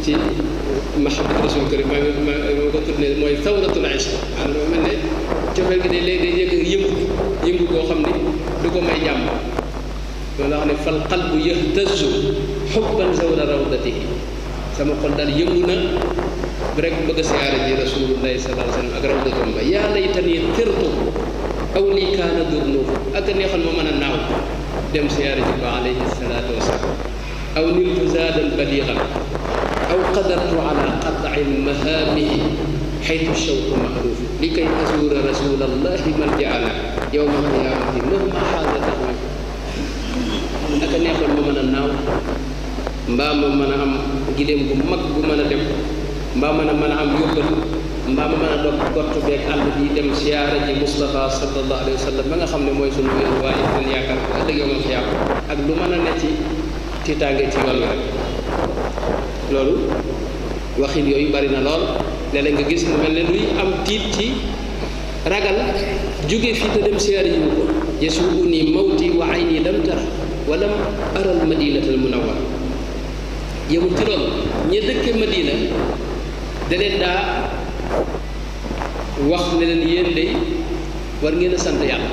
ci mahabbat rasul karim maa ngi maa ngi ko tudd ne mooy sawratul ishq xam nga mel ne cofeel gi de léegi day yëngu yëngu koo xam ne du ko may jàmm loolu la wax ne fal qalbu yahtazu xubban zawra rawdatihi sama xol daal yëngu na rek bëgg a siyaare ji rasulullahi sallallahu alayhi wa sallam ak rawdatam ba yaa laytani tirtu aw lii kaana durnuuf ak neexoon ma mën a naaw dem siyaare ji ba alayhi salaatu wasalaam aw niltu zaadan baliigan aw qadartu ala qat'i mahaamihi حيث الشوق مألوف لكي أزور رسول الله ملجأ له يوم ma mën a naaw mbaa mën a am giléem mën a dem mbaa mën a mën a am yóbbal mbaa a dog gott beeg àll bi dem siyaara ji Mustafa sallallahu alayhi wa sallam ba nga xam ne mooy sunu wéeru waaye ak lu mën a ne ci tiitaange ci yoon loolu waxin yooyu bari na lool léeg-léeg nga gis mu mel ne luy am tiit ci ragal jóge fii te dem siyaar yi mu ko yasuuni mawti wa nii lam tara wa lam a madinatal munawwara yëmul ci loolu ña dëkke madina da leen daa wax ne leen yéen de war ngeen a sant yàlla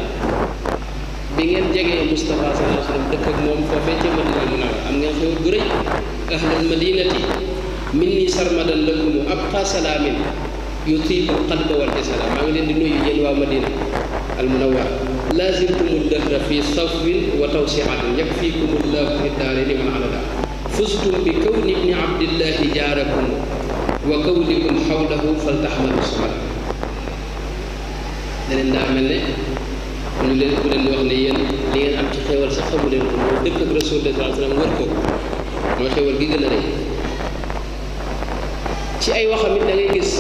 bi ngeen jegee Mustafa sallallahu alayhi wa dëkk ak moom foofee ca madina am ngeen xewal gu rëy ahlal madinati مني سرمدا لكم ابقى سلام يطيب القلب والجسد ما غادي دي نوي جلوى مدينه المنوره الدهر في صف وتوسعه يكفيكم الله في الدارين من على دار فزتم بكون ابن عبد الله جاركم وكونكم حوله فلتحملوا الصلاه لن نعمل ñu leen ko leen wax ne yéen li ngeen am ci xéwal sax xamu leen ko dëkk ak rasul allah sallallahu alayhi wa sallam wër ko mooy xéwal gi gën a rëy ci ay wax it da ngay gis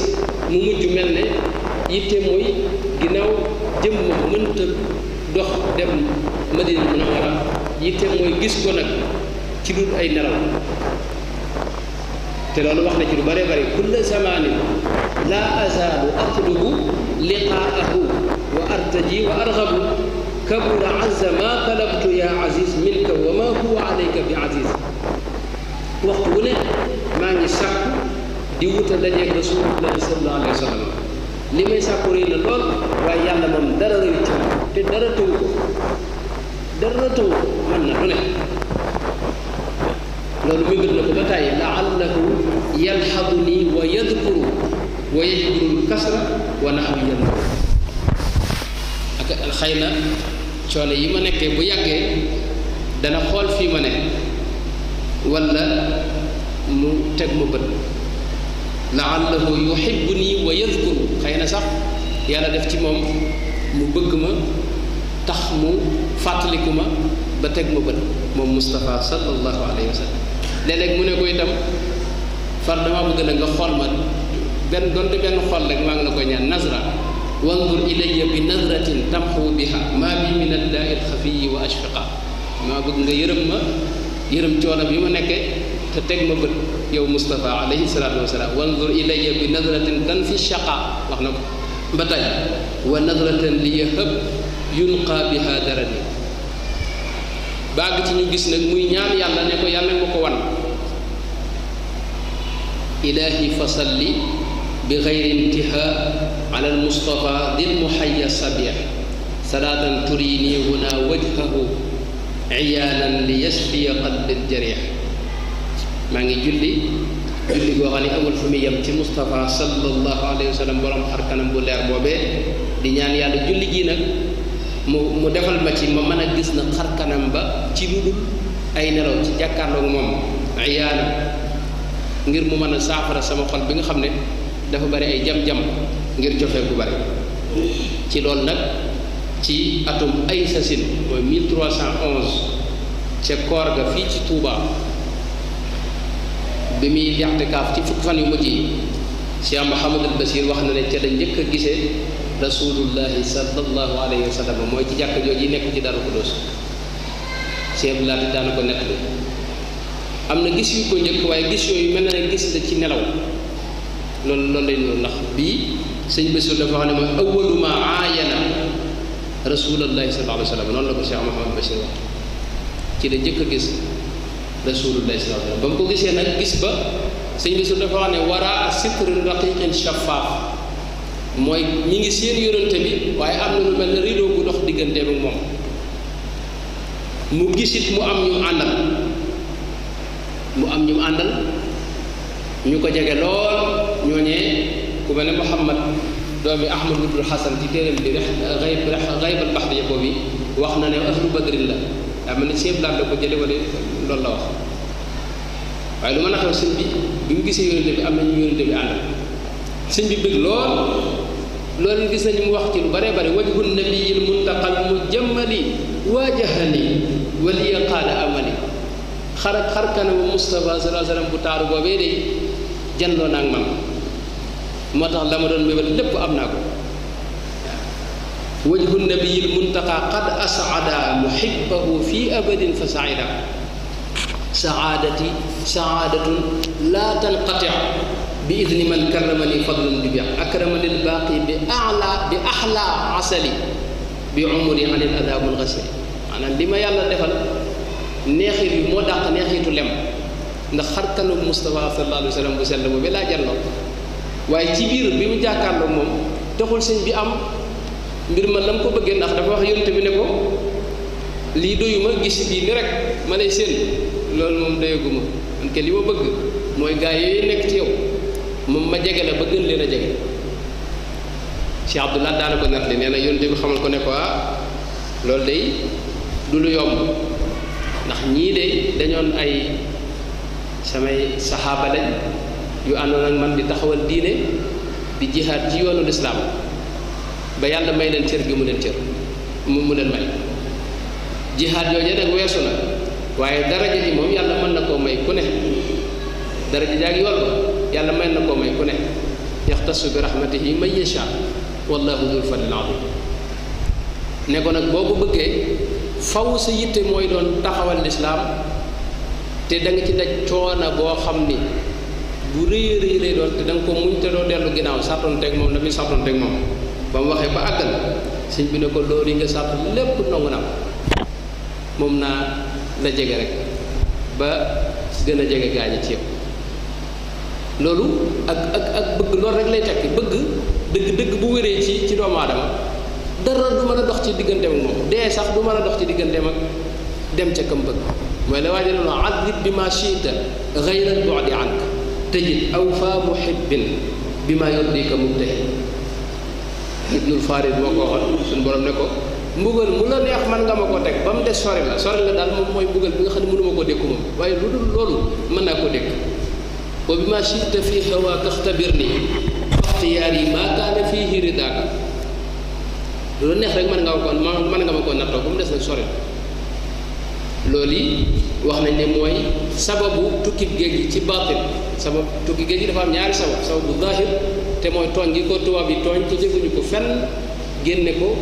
mu mujj melne yitte moy ginaaw jëm ma mënta dox dem madina munawara yitte moy gis ko nak ci dul ay nelaw te loolu wax na ci lu bare bare kulla zamani la azalu atlubu liqaahu wa artaji wa arghabu kabura azza ma talabtu ya aziz milka wa ma huwa alayka bi aziz waxtu wu ne maa ngi sàkku di wuta dajeeg rasulullahi sallallahu alayhi wa li may sàkku rëy na lool waaye yàlla moom dara rëy te dara tëw ko dara tëw ko mën na lu ne loolu muy gën na ko ba tàyyi laallahu yalxadu nii wa yadkuru wa yashkurul kasra wa naxaw yënn ak xëy na coono yi ma nekkee bu yàggee dana xool fii ma ne wala mu teg ma bët laallahu yuhibbu nii wa yadkuru xëy na sax yàlla def ci moom mu bëgg ma tax mu fàttaliku ma ba teg ma bët moom Moustapha sallallahu alayhi wa sallam léeg-léeg mu ne ko itam far dama bëgg na nga xool ma benn donte benn xool rek maa ngi la koy ñaan nazra wandur ilayya bi nazratin tamxu biha maa bi min addaa il xafiyi wa ashfiqa maa bëgg nga yërëm ma yërëm coono bi ma nekkee te teg ma bët يوم مصطفى عليه الصلاه والسلام وانظر الي بنظره تنفي الشقاء بطل ونظره ليهب يلقى بها درني باغتي ني غيس نك موي نيان يالا نيكو يالا مكو وان الهي فصلي بغير انتهاء على المصطفى ذي المحيا الصبيح صلاه تريني هنا وجهه عيالا ليشفي قلب الجريح Mangi Juli, julli julli go xani amul fumi yam ci mustafa sallallahu alaihi wasallam borom arkanam bu leer bobé di ñaan yalla julli gi nak mu mu defal ma ci ma mëna gis na xarkanam ba ci luddul ay nelaw ci ak mom ayaana ngir mu mëna a sama xol bi nga xamné dafa bari ay jam-jam ngir joxe ku bari ci lool nak ci atum 1311 ci koor ga fi ci Touba bi muy i'tikaaf ci fukki fan yu mujj yi Cheikh Mouhamadul Basir wax na ne ca la njëkk a gisee rasulullahi sallallahu alayhi wa ci jàkk jooju yi nekk ci Daaru Xudoos Cheikh Blaati daana ko am na gis yu ko njëkk waaye gis yooyu mel na ne gis la ci nelaw loolu loolu lay noonu ndax bii sëñ Basir dafa wax ne mooy awwalu ma aayana rasulullahi sallallahu alayhi wa sallam noonu la ko Cheikh Mouhamadul Basir wax ci la njëkk a gis rasulullah sallallahu alaihi wasallam bam ko gisee nag gis ba sëñ bi su dafa ne wara sitrin raqiqin shaffaf mooy ñi ngi seen yonante bi waaye am na lu mel ne rideau bu dox diggante moom mu gisit mu am ñu àndal mu am ñu àndal ñu ko jege lool ñooñee ku mel ne doomi ahmad ibnul hasan ci téeram bi rex xayb rex xaybal baxdi yakobi wax na ne ahlu badrin la daa mel ni ceeb laat la ko jële wala loolu la wax waaye lu mën a xew sëñ bi mu gisee yónente bi am nañu yónente bi àndal sëñ bi bëgg lool loolu gis nañu mu wax ci lu baree bare wajhu nabiyil muntaqal mu jëmmali waajahani waliya qaala amali xar xar kanamu Mustafa sallallahu bu taaru boobee day jandoo man moo tax la ma doon mébal lépp am naa ko وجه النبي المنتقى قد أسعد محبه في أبد فسعد سعادتي سعادة لا تنقطع بإذن من كرمني فضل الدبيع أكرمني الباقي بأعلى بأحلى عسلي بعمري عن الأذاب الغسل أنا لما يلا دخل نخي بمودق نخي تلم نخرتن المصطفى صلى الله عليه وسلم وسلم بلا جلو ويجبير بمجاكا لهم تقول سنبي أم mbir ma nam ko bëggee ndax dafa wax yonent bi ne ko lii doyuma gis bii ni rek ma lay séen loolu moom doyaguma man li ma bëgg mooy gaa yooyu nekk ci yow moom ma jege la ba gën leen a jege Cheikh Abdoulaye daana ko li nee na yonent bi xamal ko ne ko ah loolu day du lu yomb ndax ñii de dañoon ay samay saxaaba lañ yu àndoon ak man di taxawal diine di jihaad ci yoonu lislaam ba yàlla may leen cër gi mu leen cër mu mu leen may jihaad jooje nag weesu na waaye daraja ji moom yàlla mën na koo may ku ne daraja jaa ngi yor ko yàlla mën na koo may ku ne yaxtasu bi rahmatihi man yasha wallahu dul fadlil azim ne ko nag boo ko bëggee faw sa yitte mooy doon taxawal lislaam te danga nga ci daj coona boo xam ni bu rëy a doon te da ko muñ te doo dellu ginnaaw sartoon teg moom la muy sartoon teg moom ba waxee ba àggal sëñ bi ne ko loolu yi nga sàpp lépp nangu na moom naa la jege rek ba gën a jege gaañi ci yow loolu ak ak ak bëgg loolu rek lay tekki bëgg dëgg dëgg bu wéree ci ci doomu aadama dara du mën a dox ci diggante ak moom dee sax du mën a dox ci digganteem ak dem ca kam bëgg mooy la waaye dina loo adib bi ma shiita gayral bu'di anka tëjit aw faa muhibbin bi ma yurdika mubtahi ibnul farid moo ko waxoon suñu borom ne ko mbugal mu la neex man nga ma ko teg ba mu des sori la sori la daal moom mooy mbugal bi nga xam ne mënuma koo dékku moom waaye lu dul loolu mën naa ko dékk wa bi ma fii hawa taxtabir nii ixtiyaar yi maa kaana fiihi ridaaka lu rek mën nga ma koo mën nga ma koo nattoo ba mu des nag sori la loolu wax nañ ne mooy sababu tukki géej gi ci baatin sabab tukki géej gi dafa am ñaari sabab sababu zaahir te mooy tooñ gi ko tubaab yi tooñ te jëguñu ko fenn génne ko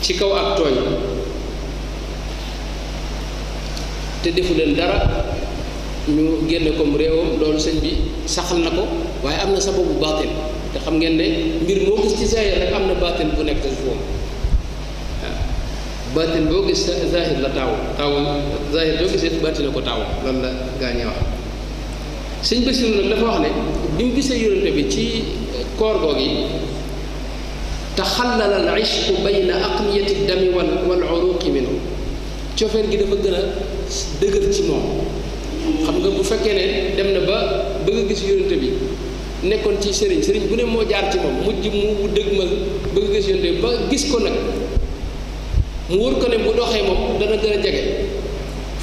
ci kaw ak tooñ te defu leen dara ñu génne kom réewam loolu sëñ bi saxal na ko waaye am na sababu baatin te xam ngeen ne mbir moo gis ci zahir rek am na baatin bu nekk ci foofu baatin boo gis zahir la taaw taaw zahir boo gisee baatin ko taaw loolu la gaañee wax sëñ Basiru nag dafa wax ne bi mu gisee yonente bi ci koor goog yi taxallala al ishqu bayna aqniyati dami wal wal uruqi minhu cofeel gi dafa gën a dëgër ci moom xam nga bu fekkee ne dem na ba bëgg a gis yonente bi nekkoon ci sëriñ sëriñ bu ne moo jaar ci moom mujj mu dëgmal bëgg a gis yonente bi ba gis ko nag mu wóor ko ne bu doxee moom dana gën a jege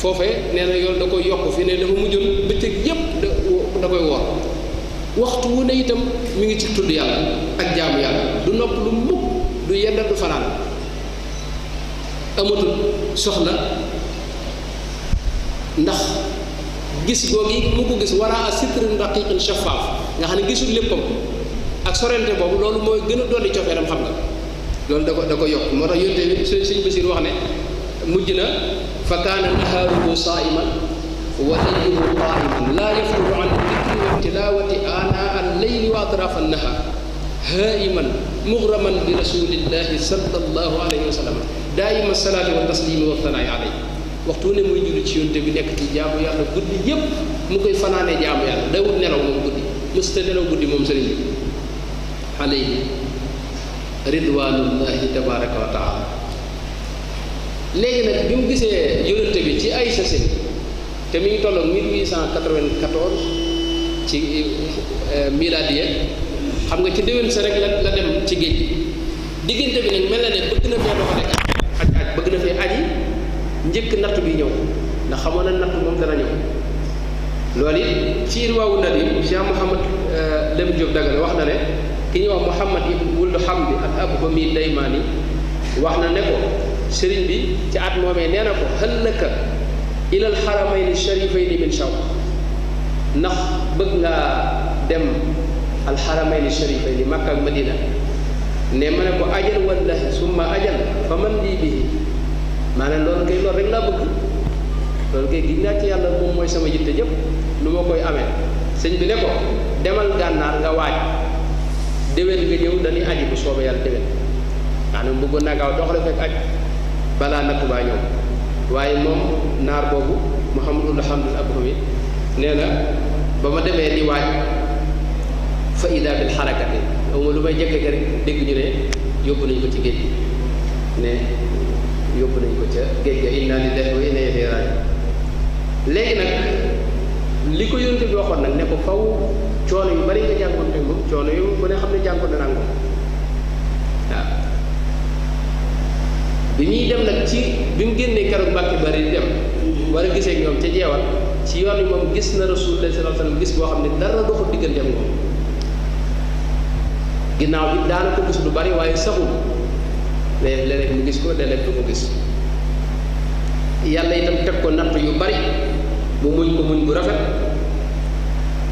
foofee nee na yoon da koy yokk fi ne dafa mujjoon bëccëg yépp da da koy woor waxtu wu ne itam mi ngi ci tudd yàlla ak jaamu yàlla du nopp lu mukk du yendal du fanaan amatul soxla ndax gis googi mu ko gis wara a sitrin daqiqin shaffaaf nga xam ne gisul léppam ak sorente boobu loolu mooy gën a dolli cofeelam xam nga loolu da ko da ko yokk moo tax yonte bi su suñ basir wax ne mujj na fa kaana nahaaruhu tilawati ana al-layli wa atrafa an-nahar haiman mughraman bi rasulillahi sallallahu alayhi wa sallam daayima salaati wa taslimi wa thanaa'i alayhi waxtu ne muy julli ci yonte bi nekk ci jaamu yàlla guddi yépp mu koy fanaanee jaamu yàlla dawul nelaw moom guddi mësta nelaw guddi moom sëriñ bi alayhi ridwanullahi tabaraka wa taala léegi nag bi mu gisee yonente bi ci ay sasin te mi ngi tolloog 1894 ci euh, miladiye xam nga ci déwén sa rek la dem ci géej gi diggante bi nag mel na ne bëgg na fee doxalee aj aj bëgg na fee aji njëkk natt bi ñëw ndax xamoon na natt moom dana ñëw loolu it ci riwaawu nabi Cheikh Mouhamad euh, Lamine Diop Dagana wax na ne ki ñuy wax Mouhamad wuldu xam bi ak Abu Hamid Daymaani wax na ne ko sëriñ bi ci at moomee nee na ko xëllëka ilal xaramayni sharifayni min shaw ndax bëgg ngaa dem alxaramayni sharifay li makka ak madina ne ma ne ko ajal wallahi suma ajal fa man lii bii maanaam loolu kay loolu rek laa bëgg loolu kay gis naa ci yàlla moom mooy sama yitte jëpp lu ma koy amee sëñ bi ne ko demal gànnaar nga waaj déwén nga ñëw dañuy aji bu soobee yàlla déwén maanaam bëggoon naa gaaw dox la fekk aj balaa natt baa ñëw waaye moom naar boobu Mouhamadul Hamdul Abrahami nee na ba ma demee di waaj fa ida bil xarakati aw ma lu may jëkkee rek dégg ñu ne yóbbu nañ ko ci géej gi ne yóbbu nañ ko ca géej ga inna lillahi wa léegi nag li ko yónte bi waxoon nag ne ko faw coono yu bari nga jàngoon démb coono yu mu ne xam ne jàngoon na nangu waaw bi muy dem nag ci bi mu génnee keroog mbàkki bari di dem war a gisee ñoom ca jeewal ci yoon wi moom gis na rasulullah sallallahu alayhi wasallam gis boo xam ne dara doxul digganteem moom ginnaaw bi daana ko gis lu bari waaye saxul mais léeg gis ko léeg-léeg du ko gis yàlla itam teg ko natt yu bari mu muñ ko muñ bu rafet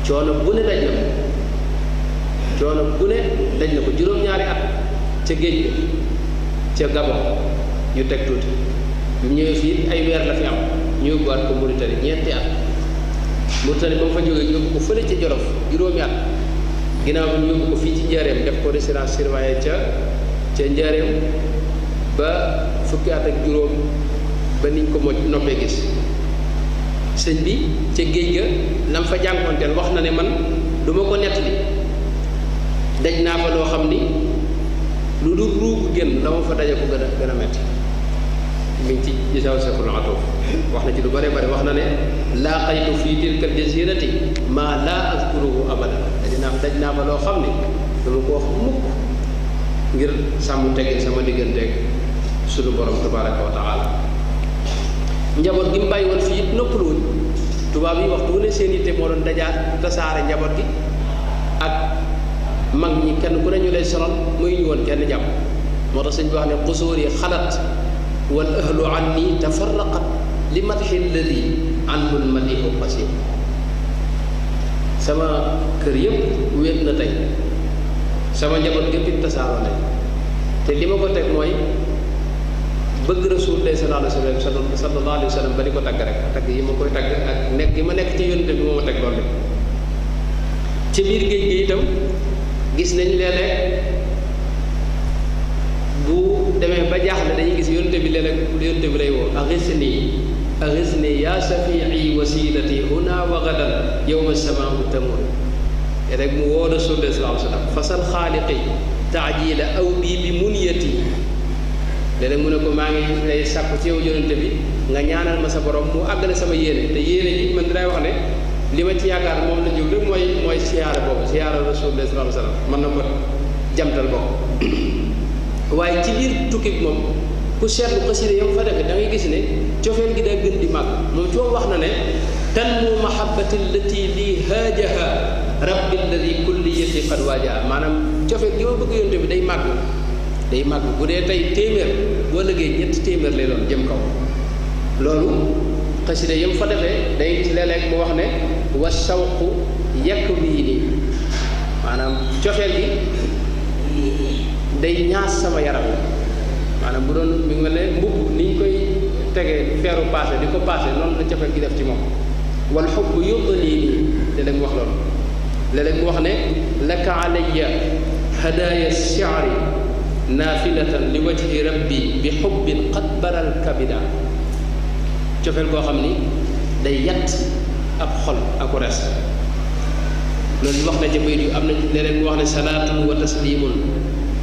coono bu ne daj na ko coono bu ne daj na ko juróom-ñaari at ca géej ga ca Gabon yu teg tuuti yu ñëwee fii ay weer la fi am ñu yóbbuwaat ko Mauritanie ñeenti at Mauritanie ba mu fa jógee yóbbu ko fële ca Jolof juróomi at ginnaaw bi ñu yóbbu ko fii ci Njaareem def ko résidence surveillée ca ca Njaareem ba fukki at ak juróom ba niñ ko mo noppee gis sëñ bi ca géej ga lam fa jànkoonteel wax na ne man du ma ko nettali daj naa fa loo xam ni lu dul ruugu génn la fa daje ko gën a gën a metti mi ci jawsakul atu wax na ci lu bare bare wax na ne laqaytu fi tilka ma la azkuruhu abada dina daj naa ba loo xam dama ko wax mukk ngir sama digganteeg sunu borom tabaraka wa taala njaboot gi mu bàyyi woon fii noppalu wuñ tubaab waxtu ne seen yitte moo doon dajaat tasaare njaboot gi ak mag ñi kenn ku ne ñu lay sonal muy ñu kenn bi wax ne wal ahlu an nii tafarraqat li madxi lladi an lul madihu qasir sama kër yépp wéet na tey sama njaboot gépp it tasaaroo nañ te li ma ko teg mooy bëgg rasulullah sallallahu alayhi wasallam sallallahu alayhi wasallam ba di ko tagg rek tagg yi ma koy tagg ak nekk yi ma nekk ci yónte bi moo ma teg loolu ci biir géej gi itam gis nañ léeg-léeg demee ba jaaxle dañuy gis yonte bi leen ak yonte bi lay woo axisni axisni yaa safii wasilati huna wa gadan yowma samaau tamun rek mu woo rasulullah sallallahu alayhi wa sallam fasal xaaliqi taajila aw bii bi muniyati léeg-léeg mu ne ko maa ngi lay sàkku ci yow yonente bi nga ñaanal ma sa borom mu àggale sama yéene te yéene ji man dinay wax ne li ma ci yaakaar moom la jub rek mooy mooy siyaara boobu siyaara rasulullah sallallahu alayhi wa sallam mën na ko jamtal boobu waaye ci biir tukki bi moom ku seetlu xasida yam fa def da gis ne cofeel gi day gën di màgg moom ci wax na ne tanmu mahabbati allati lii haajaha rabbi alladi kulli yëti maanaam cofeel gi ma bëgg yonte bi day màgg day màgg bu dee tey téeméer boo lëggee ñetti téeméer lay doon jëm kaw loolu xasida yam fa defee day gis léeg-léeg mu wax ne wa shawqu yakk wii nii maanaam cofeel gi day ñaas sama yaram maanaam bu doon mi ngi ne mbubb ni ñu koy tegee feeru passé di ko passé noonu la cafel gi def ci moom wal xubb yudlii nii léeg-léeg wax loolu léeg-léeg wax ne laka alayya hadaya shi'ri naafilatan li wajhi rabbi bi xubbin qad baral kabida cofeel koo xam ni day yatt ab xol aku res loolu wax na ca bayit yu am na leneen wax ne salaatun wa taslimun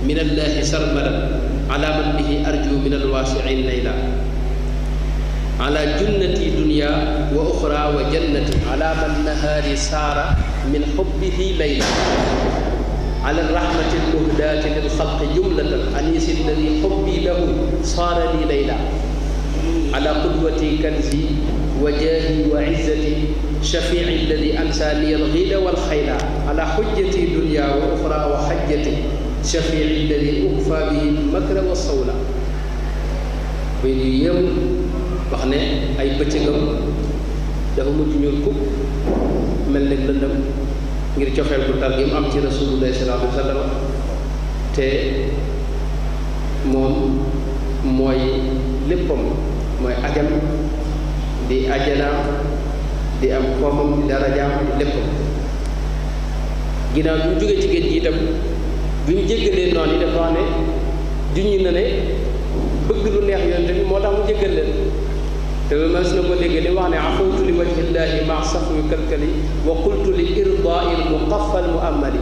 من الله سرمرا على من به أرجو من الواسعين ليلا على جنتي دنيا وأخرى وجنتي على من نهاري سار من حبه ليلا على الرحمة المهداة للخلق جملة أنيس الذي حبي له صار لي ليلا على قدوتي كنزي وجاهي وعزتي شفيعي الذي أنسى لي الغيل والخيل على حجتي دنيا وأخرى وحجتي shafi'i alladi uxfa bihi makra wa sawla bay yu yéem wax ne ay bëccëgam dafa mujj ñuul kub mel ne lëndëm ngir cofeel bu tar gi mu am ci rasulullah sallallahu te moom mooy léppam mooy ajam di ajanaam di am koomam di darajaam léppam ginnaaw bi mu ci géej gi itam bi ñu jéggalee noonu yi dafa wax ne ju juññi na ne bëgg lu neex yonent bi moo tax mu jéggal leen te mas na ko déggee li wax ne afawtu li ma safwi kalkali wa qultu li irdail muqaffal muammali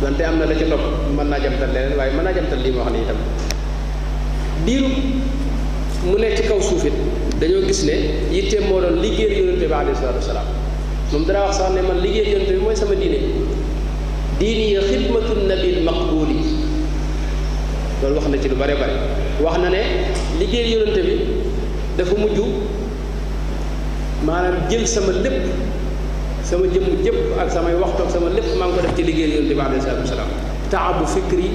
donte am na la ci topp mën naa jamtal leneen waaye mën naa jamtal lii ma wax ne itam diiru mu nekk ci kaw suufit dañoo gis ne yitteem moo doon liggéeyal yonent bi alayhi salaatu wax sax ne man liggéeyal yonent bi mooy sama diine diini ya xidmatu nabil maqbuli loolu wax na ci lu bare bare wax na ne liggéey yonante bi dafa mujj maanaam jël sama lépp sama jëmm jëpp ak samay waxtu ak sama lépp maa ngi ko def ci liggéey yonante bi alayhi salatu wasalaam taabu fikri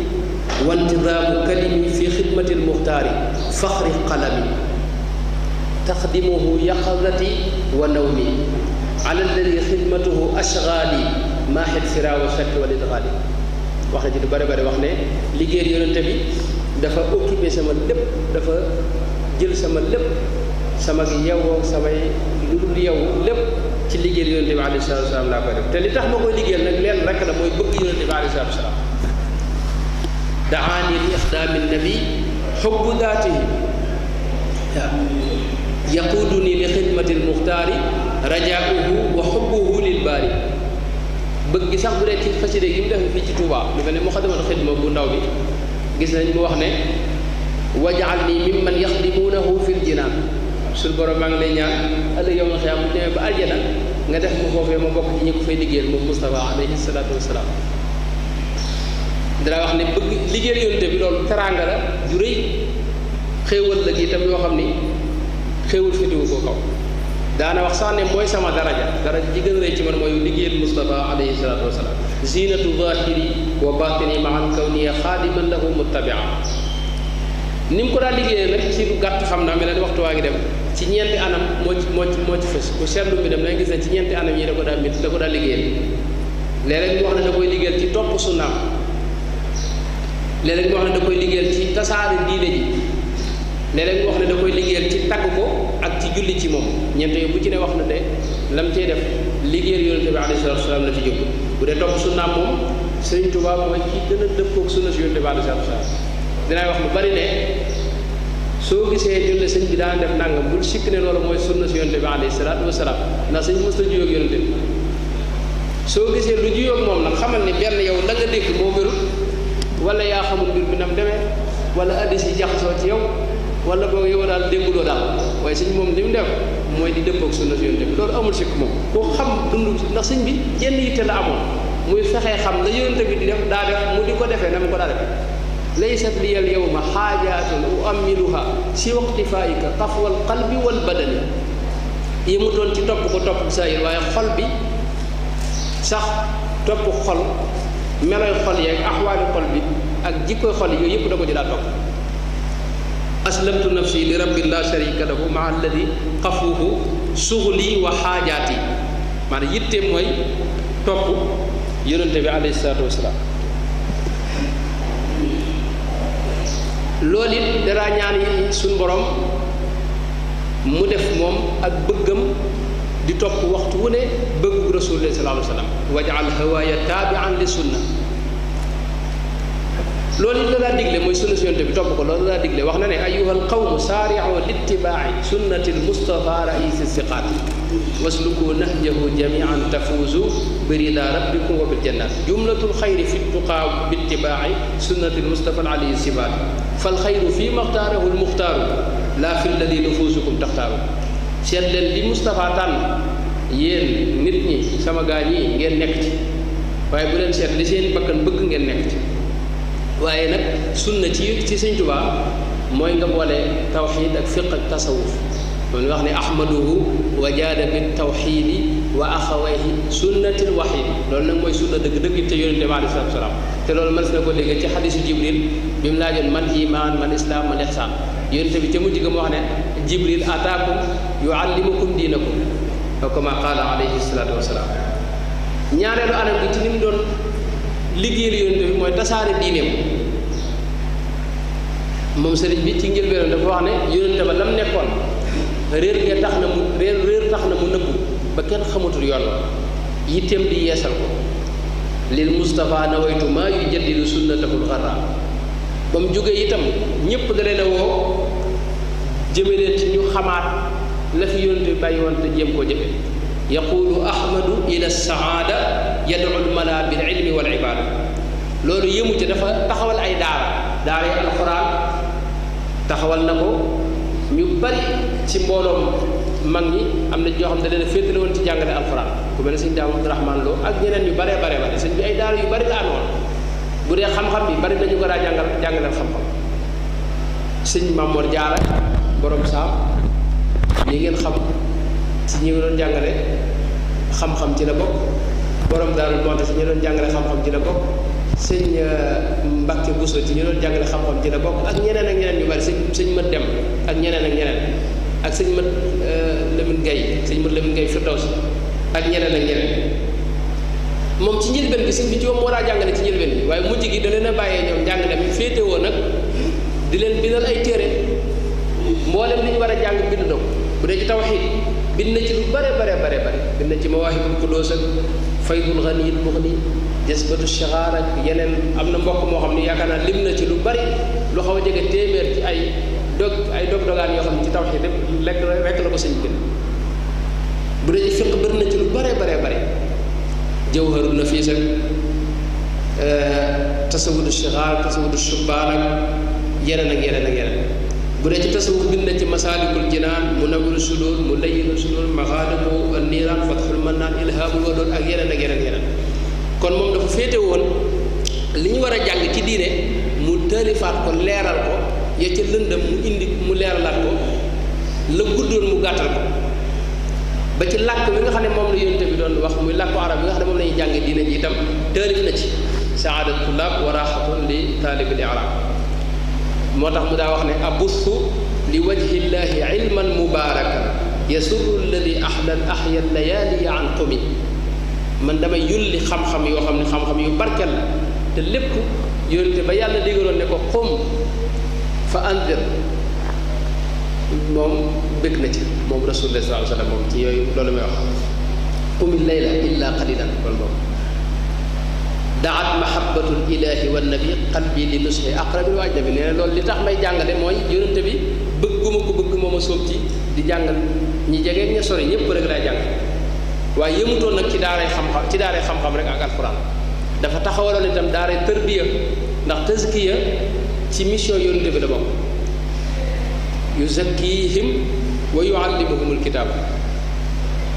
wa intidaamu kalimi fi xidmati almuxtaari faxri qalami taxdimuhu yaqadati wa nawmi ala alladi xidmatuhu ashgaali ما حد سرا وشك والإدغالي وقت جد بره بره وقت لجيري ينتبه دفع أوكي بس ما لب دفع جل سما لب سما جياو سما يلولياو لب تلي جيري ينتبه عليه الصلاة والسلام لا بره تلي تحم هو اللي مو يبقي ينتبه عليه الصلاة دعاني لإخدام النبي حب ذاته يقودني لخدمة المختار رجاؤه وحبه للباري bëgg gi sax bu dee ci xasida gi mu def fii ci Touba lu mel ne muxadimal xidma bu ndaw bi gis nañ mu wax ne wajaal nii mimman yaxdimuunahu fil jinaan suñ borom maa ngi lay ñaan ëllëg yow ma xiyaam bu demee ba aljana nga def ma foofee ma bokk ci ñi ko fay liggéeyal moom Moustapha alayhi salaatu wasalaam dana wax ne bëgg liggéeyal yonte bi loolu teraanga la ju xéewal la gi itam yoo xam ni xéewul fitiwu ko kaw daana wax sax ne mooy sama daraja daraja ji gën a rëy ci man mooy liggéeyal Mustafa alayhi salaatu wasalaam ziinatu zahiri wa batini maan kawniya xaadiman lahu muttabia ni mu ko daa liggéeyee nag ci lu xam naa mel ne waxtu waa dem ci ñeenti anam moo ci moo ci moo ci fës bi dem da nga ci ñeenti anam yi da ko daa mit da ko daa liggéeyal léeg-léeg mu wax ne da koy liggéeyal ci topp sunnaam léeg-léeg mu wax ne da koy liggéeyal ci tasaare diine ji léeg-léeg mu wax ne da koy liggéeyal ci tagg ko julli ci moom ñeent yooyu bu ci ne wax na de lam cey def liggéey yonente bi alayhi salatu wasalaam la ci jóg bu dee topp sunnaam moom sëriñ Tuubaa mooy ci gën a dëppoog sunna si yonente bi alayhi salatu wax lu bari ne soo gisee ñun ne sëñ bi daan def nangam bul sikk ne mooy sunna si yonente bi alayhi salatu wasalaam ndax sëñ mos la juyóog yonente soo gisee lu juyóog moom nag xamal ni benn yow la nga dégg moo wérul wala yaa xamul mbir bi nam demee wala addis si jaxasoo ci yow wala boog yow daal dégguloo daal waaye si moom li mu def mooy di dëppoog sunna si yonte bi loolu amul sikk xam dund ndax sëñ bi jenn yitte la amoon muy fexee xam la yonte bi di def daa def mu di ko defee na mu ko daa defee yow ma al yawma xaajaatun uammiluha si waqtifaika qafwal qalbi wal badani yi mu doon ci topp ko topp saa yi waaye xol bi sax topp xol meloy xol yeeg axwaali xol bi ak jikkoy xol yi yooyu yëpp da ko di daa topp أسلمت نفسي لرب الله شريك له مع الذي قفوه شغلي وحاجاتي معنى يتم وي توقف يرنتبي عليه الصلاة والسلام لولي دراني سن بروم مدف موم اك بغم دي توقف وقت وني بغو رسول الله صلى الله عليه وسلم واجعل هوايا تابعا للسنه لولي لا ديغلي موي سوليسيون تبي توب كو لا ديغلي واخنا ني ايها القوم سارعوا لاتباع سنه المصطفى رئيس الثقات واسلكوا نهجه جميعا تفوزوا برضا ربكم وبالجنه جمله الخير في التقى باتباع سنه المصطفى عليه الصفات فالخير في مختاره المختار لا في الذي نفوسكم تختاروا سيد لي مصطفى تان يين نيت غير نيكتي واي بولن سيد لي بكن غير نيكتي waaye nag sunna ci ci sëñ tubaa mooy nga boole tawxiid ak fiq ak tasawuf loolu wax ne ahmaduhu wa jaada bi tawxiidi wa axawayhi sunnatil waxiid loolu nag mooy sunna dëgg dëgg te yonente bi alei salatu salaam te loolu mën na ko déggee ci xadisu jibril bi mu laajoon man iman man islam man ixsaan yonente bi ca mujj ga mu wax ne jibril ataakum yuallimukum dinakum diinakum kama qala alayhi salatu wasalaam ñaareelu anam gi ci nim doon liggéeyal yonent bi mooy tasaare diineem moom sëriñ bi ci njëlbéenam dafa wax ne yonent ba lam nekkoon réer nga tax na mu réer réer tax na mu nëbbu ba kenn xamatul yoon yitteem di yeesal ko lil Moustapha nawaytu maa yu jaddidu sunnatahul xarra ba mu jógee itam ñépp da leen a woo jëme ci ñu xamaat la fi yonent bi bàyyi woon jéem koo jëfe yaqulu ahmadu ila saada yenn yadul mala bil ilmi wal ibaada loolu yëmu ci dafa taxawal ay daara daara yi alxuraan taxawal na ko ñu bari ci mbooloom mag ñi am na ñoo xam ne leen féetale woon ci jàngale alxuraan ku mel ne sëñ Daam Abdurahmaan Lo ak ñeneen yu baree bare bare sëñ bi ay daara yu bari la amoon bu dee xam-xam bi bari nañu ko daa jàngal jàngaleel xam-xam Jaara borom saam xam ci ñi doon jàngale xam-xam ci la bokk borom daarul moo tax ci ñu doon jàngale xam-xam ci la bokk sëñ euh, Mbacke Bousso ci ñu doon jàngale xam-xam ji la bokk ak ñeneen ak ñeneen ñu bari sëñ sëñ mët dem ak ñeneen ak ñeneen ak sëñ mët euh, Lamine Gueye sëñ mët Lamine Gueye firdaws ak ñeneen ak ñeneen moom ci njëlbeen bi sëñ bi ci moom moo daa jàngale ci njëlbeen bi waaye mujj gi daleen leen a bàyyee ñoom njàngale mi féetewoo nag di leen bindal ay téere mboolem li ñu war a jàng bind na ko bu dee ci tawxiid bind na ci lu bare bare bare bare bind na ci mawaahibul qudus ak faydul xaniyil muxni jasbatu shixaar ak yeneen am na mbokk moo xam ne yaakaar naa lim na ci lu bari lu xaw a jege téeméer ay dog dogaan yoo xam ne ci tawxiid lépp lekk rekk la ko sëñ gën bu dee fiq bëri ci lu bare bare bare jawharu nafiis ak eh, tasawudu shixaar tasawudu shubaan ak yeneen ak yeneen bu dee ci tasawuf bind na ci masaalikul jinaan mu nawiru sudur mu layyinu sudur maxaalimu niiraan fatxul mannaan ilhaamul wadoon ak yeneen ak yeneen yeneen kon moom dafa féete woon li ñu war a jàng ci diine mu tëlifaat ko leeral ko ya ca lëndam mu indi mu leeralaat ko la guddoon mu gàttal ko ba ci làkk bi nga xam ne moom la yonte bi doon wax muy làkku la ñuy jàng diine ji itam tëlif na ci saadatul tullaab wa raaxatun li taalibil moo tax mu daa wax ne abussu li wajhi llahi ilman mubarakan yasurru alladi ahla ahya layaliya an qumi man damay yulli xam-xam yoo xam ne xam-xam yu barkel la te lépp yonente ba yàlla digaloon ne ko xum fa andir moom bëgg na ci moom rasulullah sallallahu alayhi wa sallam moom ci yooyu loolu may wax qumil layla illa qalilan loolu moom daat mahabbatul ilahi wa nabi qalbi li nushi aqrabi wa ajnabi nee na loolu li tax may jàngale mooy yonente bi bëgguma ko bëgg mooma sóob ci di jàngal ñi jege ña sori ñëpp rek laa jàng waaye yëmutoon nag ci daaray xam-xam ci daaray xam-xam rek ak alquran dafa taxawaloon itam daaray tërbiya ndax tëskiya ci mission yonente bi la bokk yuzakkihim wa yuallimuhumul kitaaba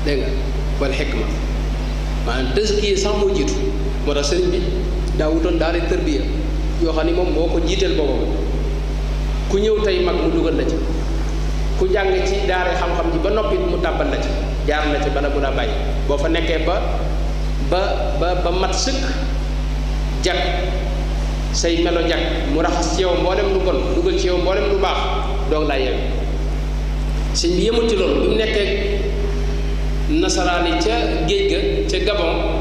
dégg nga wal xikma maanaam tëskiya sax moo jiitu moo tax sëriñ bi daa wutoon tërbiya yoo xam ni moom moo ko jiiteel boppam ku ñëw tey mag mu dugal la ci ku jàng ci daara xam-xam ji ba noppi mu tàbbal la ci jaar na ci bala mu la bàyyi boo fa nekkee ba ba ba ba mat sëkk jag say melo jag mu raxas ci yow mboolem lu bon dugal ci yow mboolem lu baax doog laa yeewu sëñ bi yëmul ci loolu bi mu nekkee nasaraani ca géej ga ca Gabon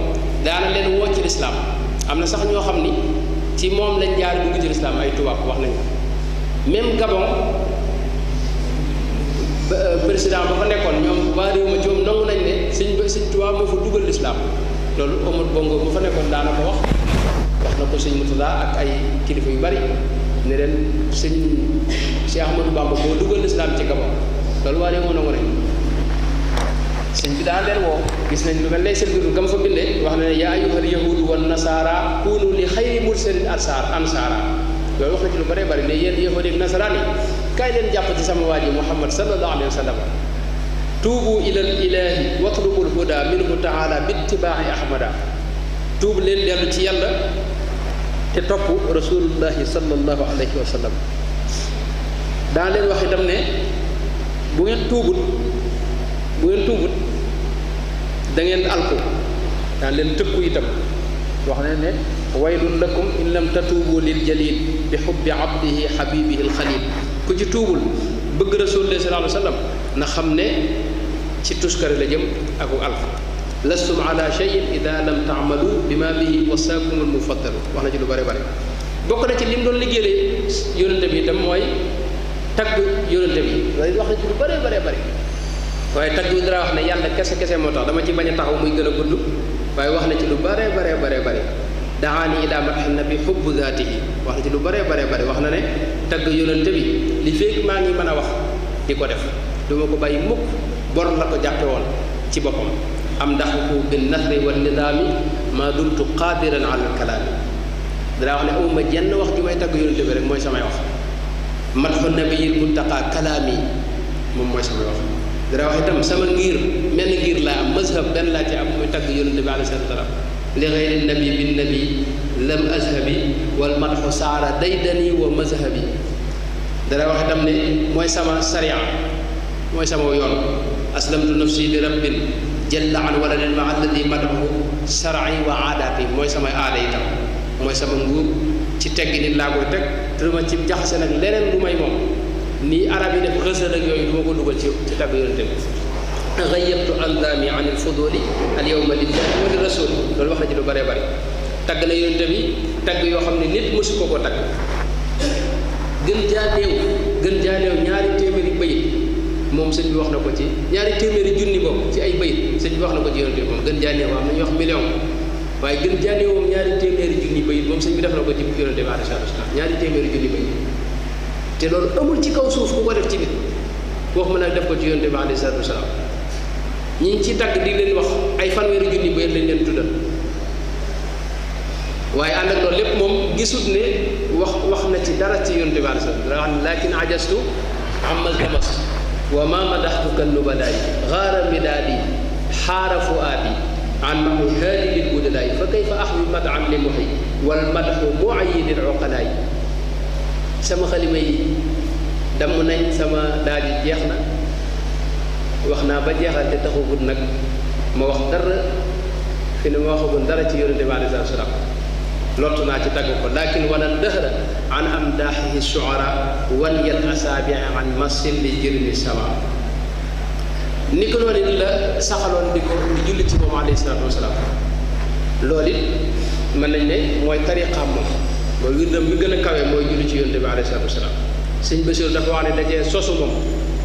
daana leen woo ci lislaam am na sax ñoo xam ni ci moom lañ jaar dugg ci lislaam ay tubaab wax nañ même Gabon euh, président ba fa nekkoon ñoom waa réew ma joom nangu nañ ne sëñ ba sëñ tubaab moo fa nekkoon daana ko wax wax kilifa yu bari ne leen sëñ Cheikh leen woo gis nañ lu mel ne seen bindu gam fa binde wax na ne yaa ayuha yahudu wa nasara kunu li xayri mursalin ansar ansara loolu wax na ci lu bare bare ne yéen yahudi ak nasaraan yi kaay leen jàpp ci sama waaji ji muhammad sallallahu alayhi wa sallam tuubu ila al ilahi watlubu al huda minhu taala bi ittibaa'i ahmada tuub leen dellu ci yàlla te topp rasulullahi sallallahu alayhi wa sallam daa leen wax itam ne bu ngeen tuubut bu ngeen tuubut da ngeen alku daan leen tëkku itam wax na ne waylun lakum in lam tatubu lil jalil bi hubbi abdihi habibihi al khalil ku ci tubul beug rasul sallallahu alayhi wasallam na xamne ci tuskar la jëm ak alku lastum ala cheyin ida lam taamalu bima bihi wasaakum almufaddalu wax na ci lu bare bare bokk na ci lim doon liggéeyee yonente bi itam mooy tagg yonente bi wax ci lu bare bare bare waaye tagg bi dara wax ne yàlla kese kese moo tax dama ci bañ a taxaw muy gën a gudd waaye wax na ci lu bare bare bare bare daani ila madaxi nabi xubbu zaatihi wax na ci lu bare bare bare wax na ne tagg yonente bi li maa ngi mën a wax di ko def du ma ko bàyyi mukk bor la ko jàppe woon ci boppam am ndax ku bin nasri wa nidaami maa dumtu qaadiran ala kalaami dara wax ne amuma jenn wax ju may tagg yonente bi rek mooy samay wax madaxu nabiyil muntaqa kalaami moom mooy samay wax درواهتم سمعير من غير لا مذهب بن لا تعب متقيون النبي عليه السلام لغير النبي بالنبي لم أذهبي والمرح صار ديدني ومذهبي درواهتم لي موسى ما سريع موسى ما يوم أسلمت نفسي لرب جل عن ولد مع الذي مدعوه سرعي وعاداتي موسى ما آليتم موسى تتقين الله وتك ترمى تبجح سنة لنن ni arab yi def rësal ak yooyu du ma ko dugal ci ci tàgg yonente bi gayabtu andaami an alfuduli al yowma lillahi wa li rasul loolu wax na ci lu bëree bëri tagg na yonente bi tagg yoo xam ne nit mosu ko ko tagg gën jaa néew gën jaa néew ñaari téeméeri bayit moom sëñ bi wax na ko ci ñaari téeméeri junni boobu ci ay bayit sëñ bi wax na ko ci yonente bi gën jaa néew am nañu wax million waaye gën jaa néew moom ñaari téeméeri junni bayit moom sëñ bi def na ko ci yonente bi alayhi salaatu wa salaam ñaari téeméeri junni te loolu amul ci kaw suuf ku ko def ci bit wax waxuma nag def ko ci yonte bi alayhi salatu wasalaam ñi ci tag di leen wax ay fanweeri junni ba lañ leen tuddal waaye ànd ak loolu lépp moom gisut ne wax wax na ci dara ci yonte bi alayhi salatu wasalaam lakin ajastu amma damas wa ma madahtu madaxtuka nubadaay xaara midaadi xaara fuaadi عن مهال البدلاء فكيف أحوي مدعا لمحي والمدح معيد العقلاء sama xalima yi dam nañ sama daal yi jeex na wax naa ba jeexal te taxagut nag ma wax dara fi ne ma waxagun dara ci yonente bi alei salatu salaam lottu naa ci tagg ko lakin wanan dëhra an amdaaxihi suara wan yal asaabii an masil li jirni sama ni ko noonu la saxaloon di ko julli ci moom alayhi salatu wasalaam loolu it mën nañ ne mooy tariqaam moom mooy wirdam bi gën a kawe mooy julli ci yonte bi alayhi salaatu wasalaam sëñ Basiru dafa wax ne dajee sosu moom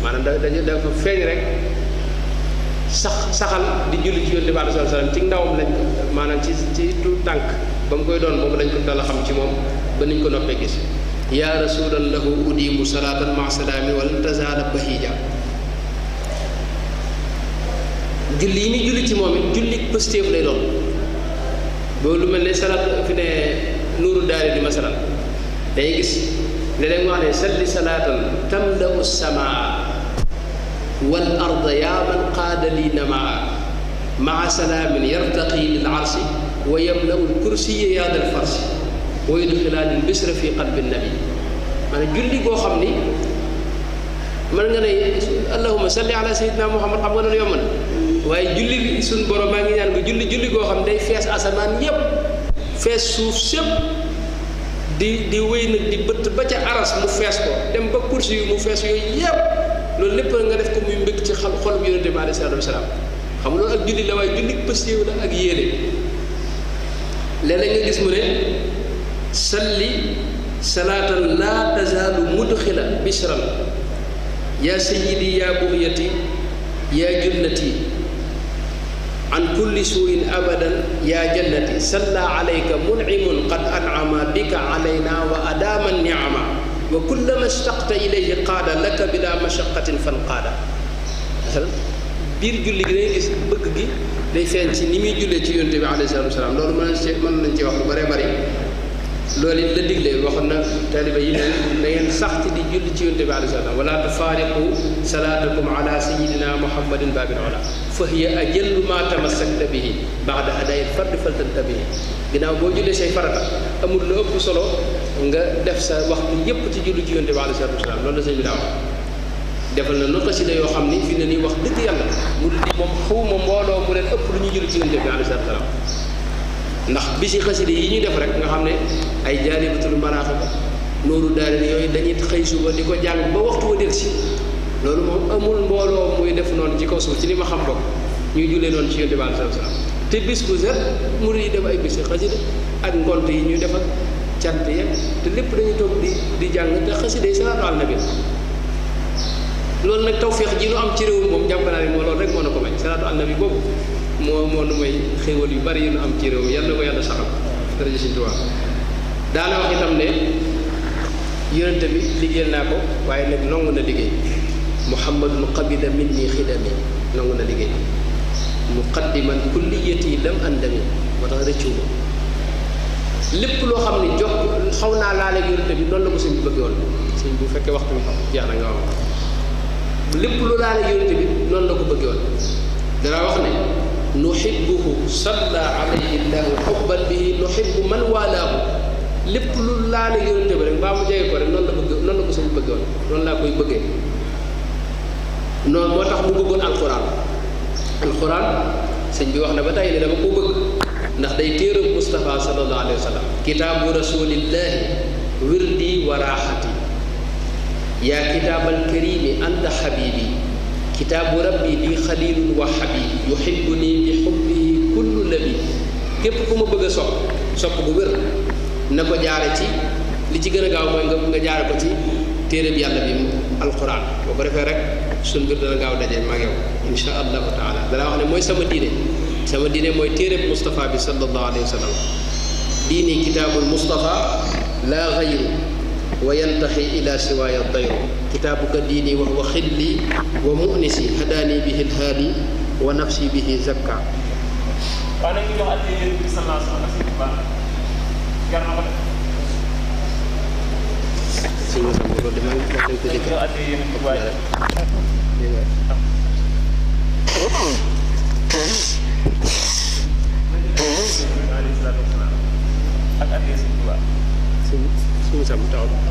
maanaam da daje dafa feeñ rek sax saxal di julli ci yonte bi alayhi salaatu wasalaam ci ndawam lañ maanaam ci ci tu tànk ba mu koy doon boobu lañ ko dal xam ci moom ba niñ ko noppee gis yaa rasulan lahu udimu salaatan ma salaami wala tazaala bahija julli yi ni julli ci moom it julli pëstéef lay doon boobu lu mel ne salaat fi ne نور داري دي مثلا داي گيس لدن وانا صلي صلاه تملا السماء والارض يا من قاد لي نما مع سلام يرتقي للعرش ويملا الكرسي يا ذا الفرش ويدخل البشر في قلب النبي مانا جولي كو خامني مانا ناي اللهم سل على سيدنا محمد قبل اليوم واي جولي سون بروم ماغي نان جولي جولي كو خام داي اسمان ييب fees suuf sépp di di wéy nag di bët ba ca aras mu fees ko dem ba kursi yu mu fees yooyu yépp loolu lépp nga def ko muy mbëgg ci xal xolum yonente bi alei salatu wasalaam xam loolu ak julli la waaye julli pëstéew la ak yéene léeg-léeg nga gis mu ne salli salaatan laa tazaalu mudxila bisran yaa sayidi yaa buxyati yaa junnati عن كل سوء أبدا يا جنتي صلى عليك منعم قد أنعم بك علينا وأدام النعمة وكلما اشتقت إليه قال لك بلا مشقة فانقاد مثلا بير جولي غي غيس بغغي داي فين سي نيمي جولي سي يونتي عليه الصلاه والسلام لولو مان سي مان نانتي واخ بري بري loolu it la digle waxoon na taaliba yi ne na ngeen sax ci di julli ci yonte bi alei salaam wala tufaariqu salaatakum ala sayidina muhammadin babil ola fa hiya ajallu ma tamassakta bihi baada adayil fard faltantabihi ginnaaw boo jullee say farata amul lu ëpp solo nga def sa waxtu yépp ci julli ci yonte bi alei salatu wasalaam loolu la sëñ bi daa wax defal na nu xasida yoo xam ni fi ne nii wax dëgg yàlla mu di moom xawma mbooloo mu leen ëpp lu ñuy julli ci ndax bisi xasida yi ñuy def rek nga xam ne ay jaalibatul maraaxib loolu daal yooyu dañuy xëy suba di ko jàng ba waxtu wa del si loolu moom amul mbooloo muy def noonu ci kaw suuf ci li ma xam boog ñuy jullee noonu ci yonte te bis bu set mur yi def ay bisi xasida ak ngont yi ñuy defal cant ya te lépp dañu toog di di jàng te xasida yi salaatu ala nabi loolu nag tawféex ji nu am ci réew moom jàpp naa moo loolu rek moo ne ko may salaatu na nabi boobu moo moo nu may xéewal yu bari yu am ci réew mi yàlla na ko yàlla saxal daraja Sëriñ Tuubaa daana wax itam ne yonente bi liggéeyal naa ko waaye nag nangu na liggéey muhammadun qabida min nii xidami nangu na liggéey muqaddiman kulliyati lam andami moo tax rëccuuma lépp loo xam ne jox xaw naa laale yonente bi lool la ko sëñ bu fekkee wax bi jeex na nga wax lépp lu laale yonente bi noonu la ko bëggoon dana wax ne nuhibbuhu salla alayhi llahu xubban bihi nuhibbu noonu la bëgg noonu la ko laa koy sëñ bi wax na ba bëgg ndax day téerab Mustafa sallallahu alayhi wa sallam kitaabu rasulillahi wirdi wa yaa kitaabal karimi anta xabibi كتاب ربي لي خليل وحبيب يحبني بحبه كل نبي كيف كما بغا سوك سوك بو وير نكو جاري لي تي غنا غاو موي غا جاري كو تي تيري بي بي القران بو ريفه رك سون بير دنا غاو داجي ماغي ان شاء الله تعالى دا راه ني موي سما دين سما دين موي تيري مصطفى صلى الله عليه وسلم ديني كتاب المصطفى لا غيره وينتحي إلى سواي الطير كتابك ديني وهو خلي ومؤنسي هداني به الهادي ونفسي به زكى waaw dañuy jox addi yéen bi salaa sallam ak bu baax jar na ko def si masam boobu de maa ngi wax dañ ko dégg jox addi yéen bi waaye ak addi yéen bi waaw si si masam taxaw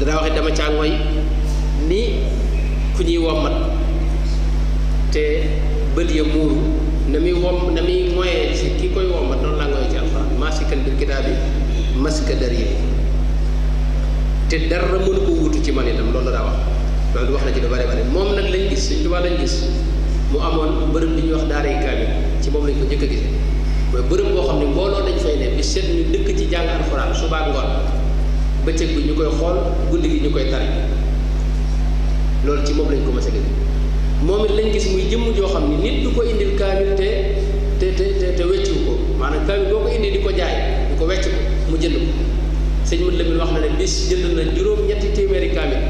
danaa wax dama caa mooy ni ku ñuy wommat te bët ya muuru na muy wom na muy moyee si kii koy wommat noonu laa ngoy ci alxuraan maasikan bil kitaabi maska dariir te dara mënu ko wutu ci man itam loolu wax loolu wax na ci lu bare bare moom nag lañ gis suñ tubaab lañ gis mu amoon bërëb bi ñuy wax daaray kaamil ci moom lañ ko njëkk a gisee mooy bërëb boo xam ne mbooloo dañ fay ne bi seet ñu dëkk ci jàng alxuraan suba ngoon bëccëg bi ñu koy xool guddi gi ñu koy tari loolu ci moom lañ ko mës a gis moom it lañ gis muy jëmm joo xam ni nit du ko indi kaamil te te te te weccu ko maanaam kaamil boo ko indi di ko jaay di ko wecc ko mu jënd ko sëñ Moussa Lamine wax na ne bis jënd na juróom-ñetti téeméeri kaamil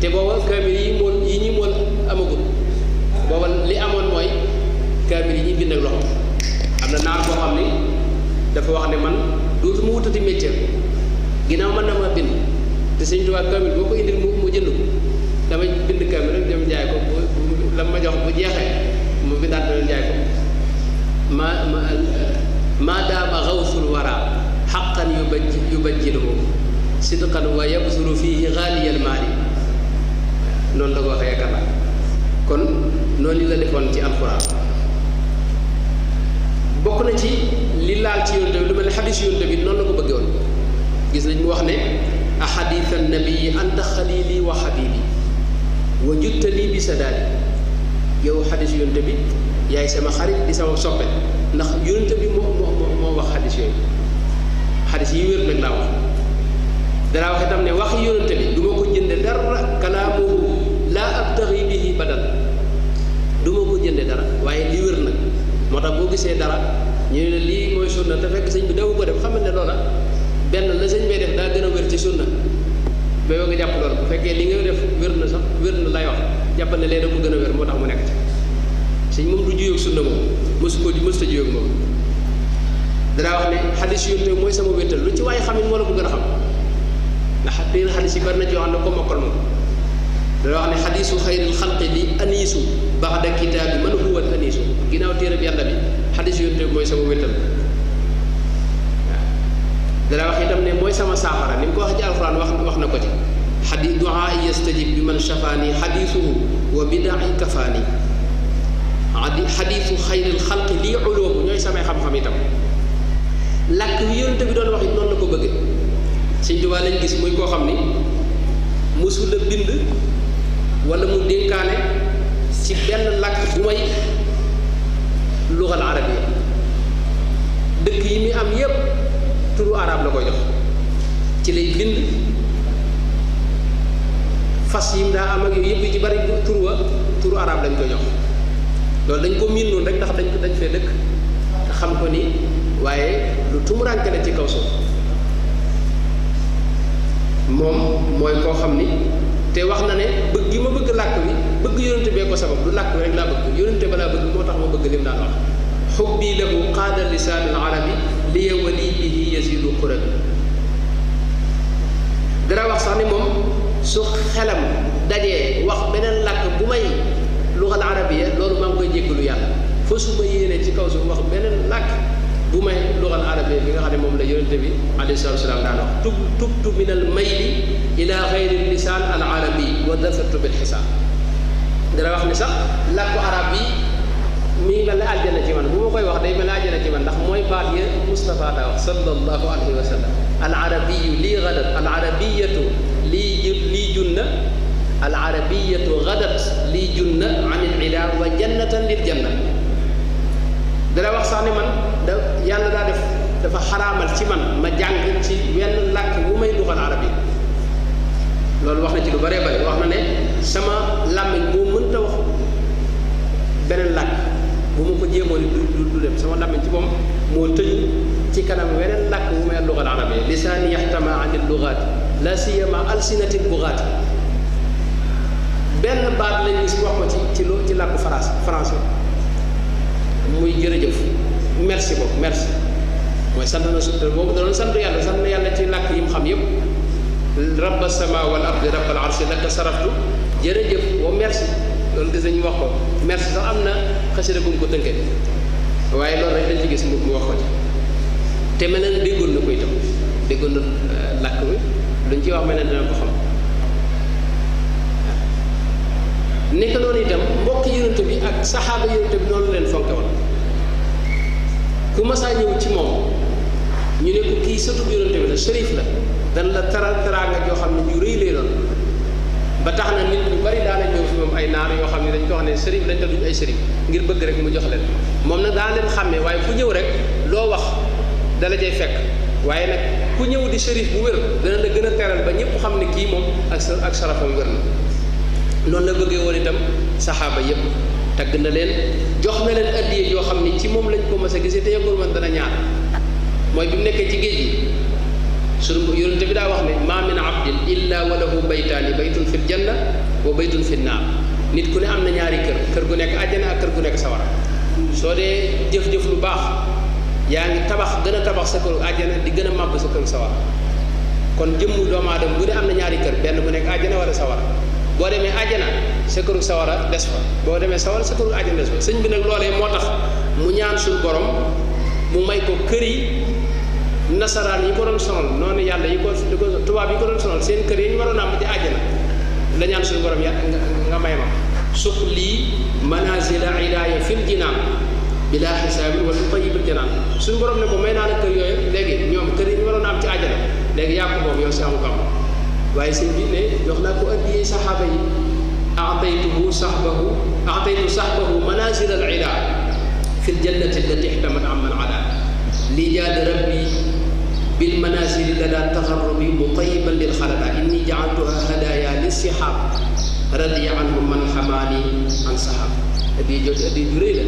te booba kaamil yi moon yi ñu moon amagul booba li amoon mooy kaamil yi ñuy bind ak loxo am na naar boo xam ni dafa wax ne man dootuma wutati métier ginnaaw mën na maa bind te sëñ Tuubaa kaamil boo ko indil mu mu jënd ko damay bind kaamil rek dem jaay ko bu la ma jox bu jeexee mu bindaat doon jaay ko ma ma maadaama xawsul wara xaqan yu baj yu bajjiluhu sidqan wa yabsuru fihi xaaliyal maali noonu la ko waxee yaakaar naa kon noonu la defoon ci alxuraan bokk na ci li laal ci yoonte bi lu mel ne xadis yoonte bi noonu la ko bëggee woon gis nañ mu wax ne ahadith annabii yi xalili wa xabibi wa juttani bi sadaali yow xadis yonte bi yaay sama xarit di sama soppe ndax yonte bi moo moo moo wax xadis yooyu xadis yi wér nag laa wax danaa wax itam ne wax yonte bi du ma ko jënde dara kalaamuhu laa abtaxi bihi badal du ko jënde dara waaye lii wér nag moo tax boo gisee dara ñu ne lii mooy sunna te fekk sëñ bi daw ko def xam ne loola benn la sëñ bay def daa gën a wér ci sunna bay nga jàpp loolu bu fekkee li nga def wér na sax wér na lay wax jàppal ne lee da ko gën a wér mu nekk ci sëñ moom du juyóog sunna moom mësu ko mësu ta juyóog moom danaa wax ne xadis yu mooy sama wéttal lu ci waaye xam it ko gën a xam ndax biir xadis yi bari na ci wax ne ko mokkal moom danaa wax ne xadisu xayril xalqi li aniisu baxda kitaabi man huwa aniisu ginnaaw téerab yàlla bi xadis yu te mooy sama wéttal dana wax tam ne mooy sama saafara ni mu ko wax ci alxuraan wax wax na ko ci xadi duaa yastajib bi man shafaani xadiisuhu wa bidaai kafaani adi xadiisu xayril xalqi lii uloobu ñooy samay xam-xam itam làkk wi yonent noonu la ko bëggee Sëñ Tuubaa lañ gis muy koo xam ni mësul a bind wala mu dénkaane si benn làkk bu may luxal arabiya dëkk yi muy am yépp turu araab la koy jox ci lay bind fas yim naa am ak yooyu yëpp ci bari turu wa turu arab lañ koy jox loolu dañ ko miin noonu rek ndax dañ ko dañ fee dëkk te xam ko ni waaye lu tumuraanke ci kaw suuf moom mooy koo xam ni te wax na ne bëgg gi ma bëgg làkk bi bëgg yónente bee ko sabab du làkk bi rek laa bëgg yónente ba bëgg moo tax ma bëgg lim naa wax xubbi lahu qaada lisaanul arabi liya wali kuréel dara wax sax ni moom su xelam dajee wax beneen làkk bu may luxal arabiya loolu maa ngi koy jéggalu yàlla fa su ma yéenee ci kaw suuf wax beneen làkk bu may luxal arabiya bi nga xam ne moom la yonente bi alayhi salatu wasalaam daan wax tub tubtu min al mayli ila xayri lisaan al arabi wa dafartu bil xisaan dara wax ni sax làkku arab yi mi ngi mel ne aljana ci man bu ma koy wax day mel ne aljana ci man ndax mooy baat ya Moustapha daa wax sallallahu alayhi wa sallam al arabiyu lii gadat al arabiyatu lii lii junna al arabiyatu gadat lii junna an il ila wa jannatan lil janna dala wax sax ni man da yàlla daa def dafa xaraamal ci man ma jàng ci wenn làkk bu may dugal arabi loolu wax na ci lu bëree bëri wax na ne sama làmmiñ boo mënta wax beneen làkk bu ma ko jéemoon du du dem sama làmmiñ ci moom moo tëj ci kanam weneen làkk wu mel lugal arabia lisaani yaxtama anil lugaat la siyama alsinatil bugaat benn baat lañ gis wax ko ci ci lu ci làkku France français muy jërëjëf merci beaucoup merci mooy sant na sutura boobu da doon sant yàlla sant na yàlla ci làkk yi mu xam yëpp rabba sama wal ardi rabba al arsi laka saraftu jërëjëf wa merci loolu gis nañu wax ko merci sax am na xasida bu mu ko tënkee waaye loolu rek dañ ci gis mu mu wax ko ci te mel na déggoon na ko itam déggoon na euh, làkk wi luñ wax mel na dina ko xam nekk noonu itam mbokk yonent bi ak saxaaba noonu leen fonke woon ku masaa ñëw ci moom ñu ne ko kii sëtu yonent bi la shérif la dana la tara teraanga joo xam ne ñu rëy lay doon ba tax na nit ñu bari daana ñëw fi moom ay naar yoo xam ne dañ ko wax ne sëriñ lañ te duñ ay ngir bëgg rek mu jox leen moom nag daana leen xàmmee waaye fu ñëw rek loo wax dala jay fekk waaye nag ku ñëw di sërif bu wér dana la gën ba ñëpp xam ne kii moom ak ak sarafam wér na la bëggee woon itam saxaaba yëpp tagg na leen jox na leen addiye yoo xam ni ci moom lañ ko mës a gisee te yëgul man dana ñaan mooy bi mu nekkee ci géej gi suñu yonent bi daa wax ne maa min abdin illa wa lahu baytaani baytun fil janna wa baytun fil naar nit ku ne am na ñaari kër kër gu nekk àjjana ak kër gu nekk sawara soo dee jëf-jëf lu baax yaa ngi tabax gën a tabax sa këru àjjana di gën a màbb sa këru sawara kon jëmmu doomu aadama bu ne am na ñaari kër benn bu nekk àjjana wala sawara boo demee àjjana sa këru sawara des fa boo demee sawara sa këru àjjana des fa sëñ bi nag loolee moo tax mu ñaan suñu borom mu may ko kër yi nasaran yi ko doon sonal noonu yàlla yi ko tubaab yi ko doon sonal seen kër yi ñu waroon am ci àjjana la ñaan suñu borom ya, nga may ma suq lii manazila ilaaya fil jinaan bila xisaabin wala tayyibil jinaan suñu borom ne ko may naa la kër yooyu léegi ñoom kër yi ñu waroon am ci àjjana léegi yaa ko moom yow si amu kam waaye sëñ bi ne jox naa ko addiyee saxaaba yi aataytuhu saxbahu aataytu saxbahu manazila al ila fi ljannati allati ixtamat amal ala lijaad rabbi bil manazil lada taqarrubi mutayyiban lil kharaba inni ja'altuha hadaya lisihab radiya anhum man hamani an sahab adi jot adi jure la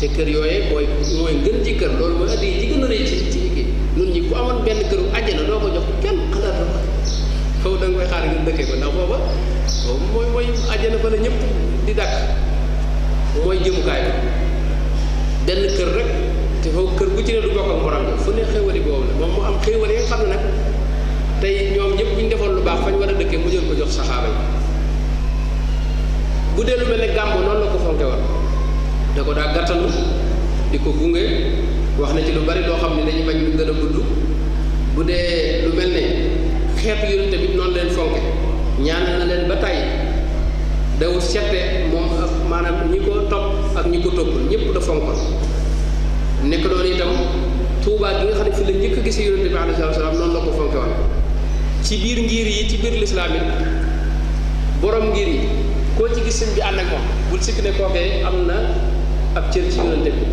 te keur yoy e, boy moy ngeen ci keur lolou moy adi ci gëna reey ci ci ligé ñun ñi ku amon ben keur aljana do ko jox kenn xalaat do faaw da ngoy xaar ngeen dekké ko ndax boba moy moy aljana fa la ñepp di dak moy jëm kay ben keur rek te foofu kër bu ci ne du bokk ak morom bi fu ne xéwali boobu la moom mu am xéwal yi nga xam ne nag tey ñoom ñëpp bu ñu defoon lu baax fañ war a dëkkee mu jël ko jox saxaaba yi bu dee lu mel ne gàmmu noonu la ko fonke woon da ko daa gàttalu di ko gunge wax na ci lu bari loo xam ne dañuy bañ lu gën a gudd bu dee lu mel ne xeetu yonent bi noonu leen fonke ñaanal na leen ba tey dawul sette moom ak maanaam ñi ko topp ak ñi ko toppul ñëpp da fonkoon nekk doon itam Touba gi nga xam ne fi la njëkk a gisee yonente bi alayhi salaatu salaam noonu la ko fonke woon ci biir ngir yi ci biir lislaam it borom ngir yi koo ci gis sëñ bi ànd ak moom bul sikk ne kookee am na ab cër ci yonente bi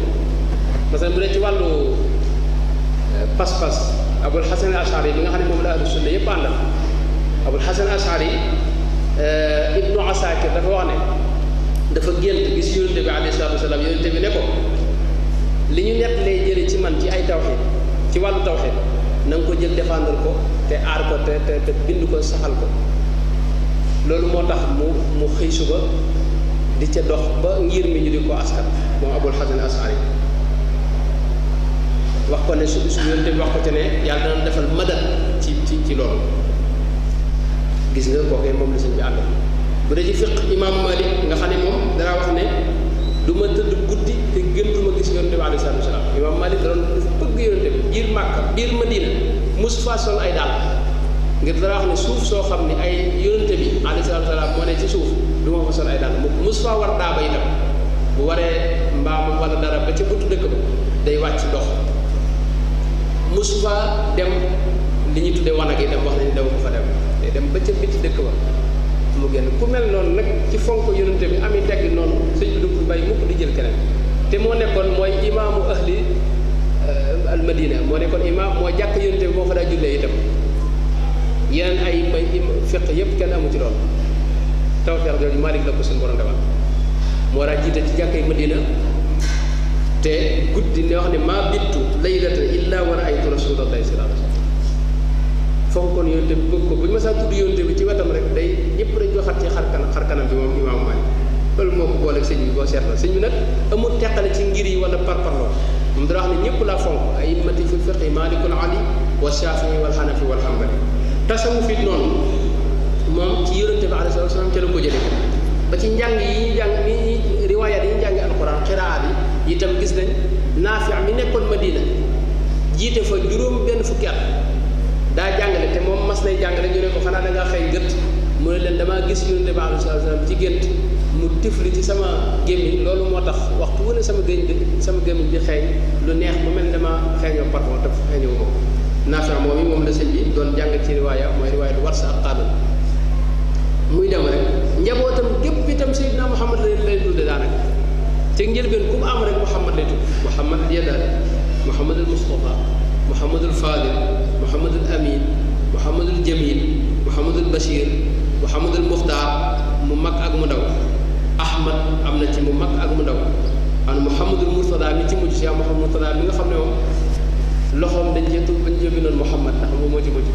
parce que bu dee ci wàllu euh, pas-pas abul xasan ashari bi nga xam ne moom la ahlu sunna yëpp àndal abul xasan ashari euh, ibnu asakir dafa wax ne dafa gént gis yonente bi alayhi salaatu salaam yonente bi ne ko li ñu ñett lay jële ci man ci ay tawxiid ci wàllu tawxiid na nga ko jël défendre ko te aar ko te te bind ko saxal ko loolu moo tax mu mu xëy suba di ca dox ba ngir mi ñu di ko askan moom abul xasan asari wax ko ne su su yonte bi wax ko ci ne yàlla dana defal madad ci ci ci loolu gis nga kookee moom la sëñ bi ànd bu dee ci fiq imaamu malik nga xam ne moom danaa wax ne du tëdd bi alayhi salaatu wasalaam imaam Malik da doon bëgg yonente bi biir Màkka biir Madina mosu faa sol ay daal ngir dara wax ne suuf soo xam ne ay yonente bi alayhi salaatu wasalaam moo ne ci suuf du ma fa sol ay daal mosu faa war daaba itam bu waree mbaamam wala dara ba ca buntu dëkk ba day wàcc dox mosu faa dem li ñu tuddee wanag yi dem wax nañu daw ko fa dem day dem ba ca biti dëkk ba mu génn ku mel noonu nag ci fonk yonente bi ami tegg noonu sëñ bi du ko bàyyi mukk di jël keneen te moo nekkoon mooy imaamu ahli euh, al madina moo nekkoon imaam moo jàkk yonent bi moo fa daa jullee itam yeneen ay may fiq yëpp kenn amu ci loolu tawfeex jooju Maalik la ko suñu moo ci jàkkay guddi ne wax ne maa bittu laylatan illaa wa raaytu rasulallahi sallallahu alayhi wa sallam fonkoon yonent bi bëgg ko bu ñu ma saa tudd yonent bi ci wetam rek day ñëpp dañ ko ci xar kanam xar kanam bi moom imaamu Maalik loolu moo ko booleeg sëñ bi boo seetloo sëñ bi nag amul teqale ci ngir yi wala parparloo mu dara wax ne ñëpp la fonk ay mati fi fiqi malikul ali wa shafii wal hanafi wal xambali tasawuf fit noonu moom ci yonente bi alei salatu salaam ca la ko jëlee ba ci njàng yi ñu jàng yi riwayat yi ñu jàng alquran qiraa bi itam gis nañ naafi mi nekkoon madina jiite fa juróom benn fukki at daa jàngale te moom mas nay jàngale ñu ne ko xanaa da ngaa xëy gët mu ne leen damaa gis yonente bi alei salatu salaam ci gént mu tifli ci sama gémmiñ loolu moo tax waxtu wu ne sama gémmiñ bi sama gémmiñ bi xeeñ lu neex ba mel dama xeeñoo parfum te xeeñoo ko naafia moom yi moom la sëñ bi doon jàng ci riwaaya mooy riwaayatu warsa ak xaadal muy dem rek njabootam gépp itam Seydina Muhammad la lay tudde daanaka te njëlbeen ku mu am rek Muhammad lay tudd Muhammad Yadal Muhammad al Mustafa Muhammad al Fadil Muhammad al Amin Muhammad al Jamil Muhammad al Bashir Muhammad al Muxtaar mu mag ak mu ndaw ahmad am na ci mu mag ak mu ndaw an muhammadul murtada mi ci mujj si muhammad murtada mi nga xam ne moom loxoom dañ cee tur bañ cee bindoon muhammad ndax moom moo ci mujj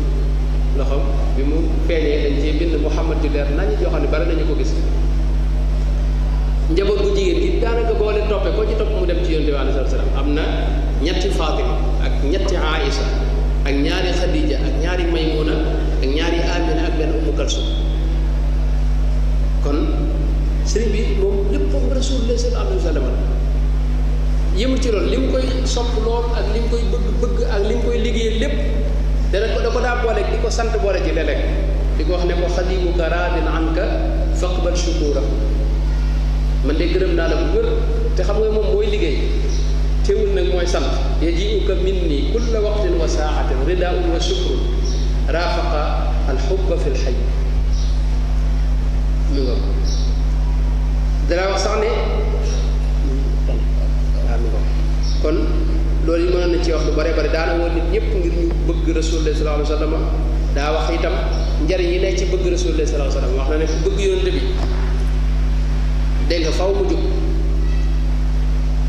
loxoom bi mu feeñee dañ cee bind muhammad di leer nañ yoo xam ne bari nañu ko gis njaboot bu jigéen gi daanaka boo leen toppee koo ci topp mu dem ci yoon bi alayhi salaam am na ñetti fatima ak ñetti aïsa ak ñaari xadija ak ñaari maymuna ak ñaari amina ak benn umu kalsum kon sëriñ bi moom léppam rasulullah sallallahu alayhi wa sallam yëmu ci loolu li mu koy sopp lool ak li mu koy bëgg bëgg ak li mu koy liggéey lépp dana ko da ko daa boole di ko sant boole ci lelek di ko wax ne ko xadimuka raadin anka faqbal shukura man de gërëm naa la bu wér te xam nga moom mooy liggéey teewul nag mooy sant yajiuka minni kulla waqtin wa saaxatin ridaun wa shukrun raafaqa alxubba fi lxay mu nga danaa wax sax ne kon loolu yi mënoon na ci wax lu bare bare daana woon nit ñëpp ngir ñu bëgg rasulullah sallallahu alayhi daa wax itam njariñ yi ne ci bëgg rasulullah sallallahu alayhi wa wax na ne ku bëgg yonent bi dégg nga faw mu jóg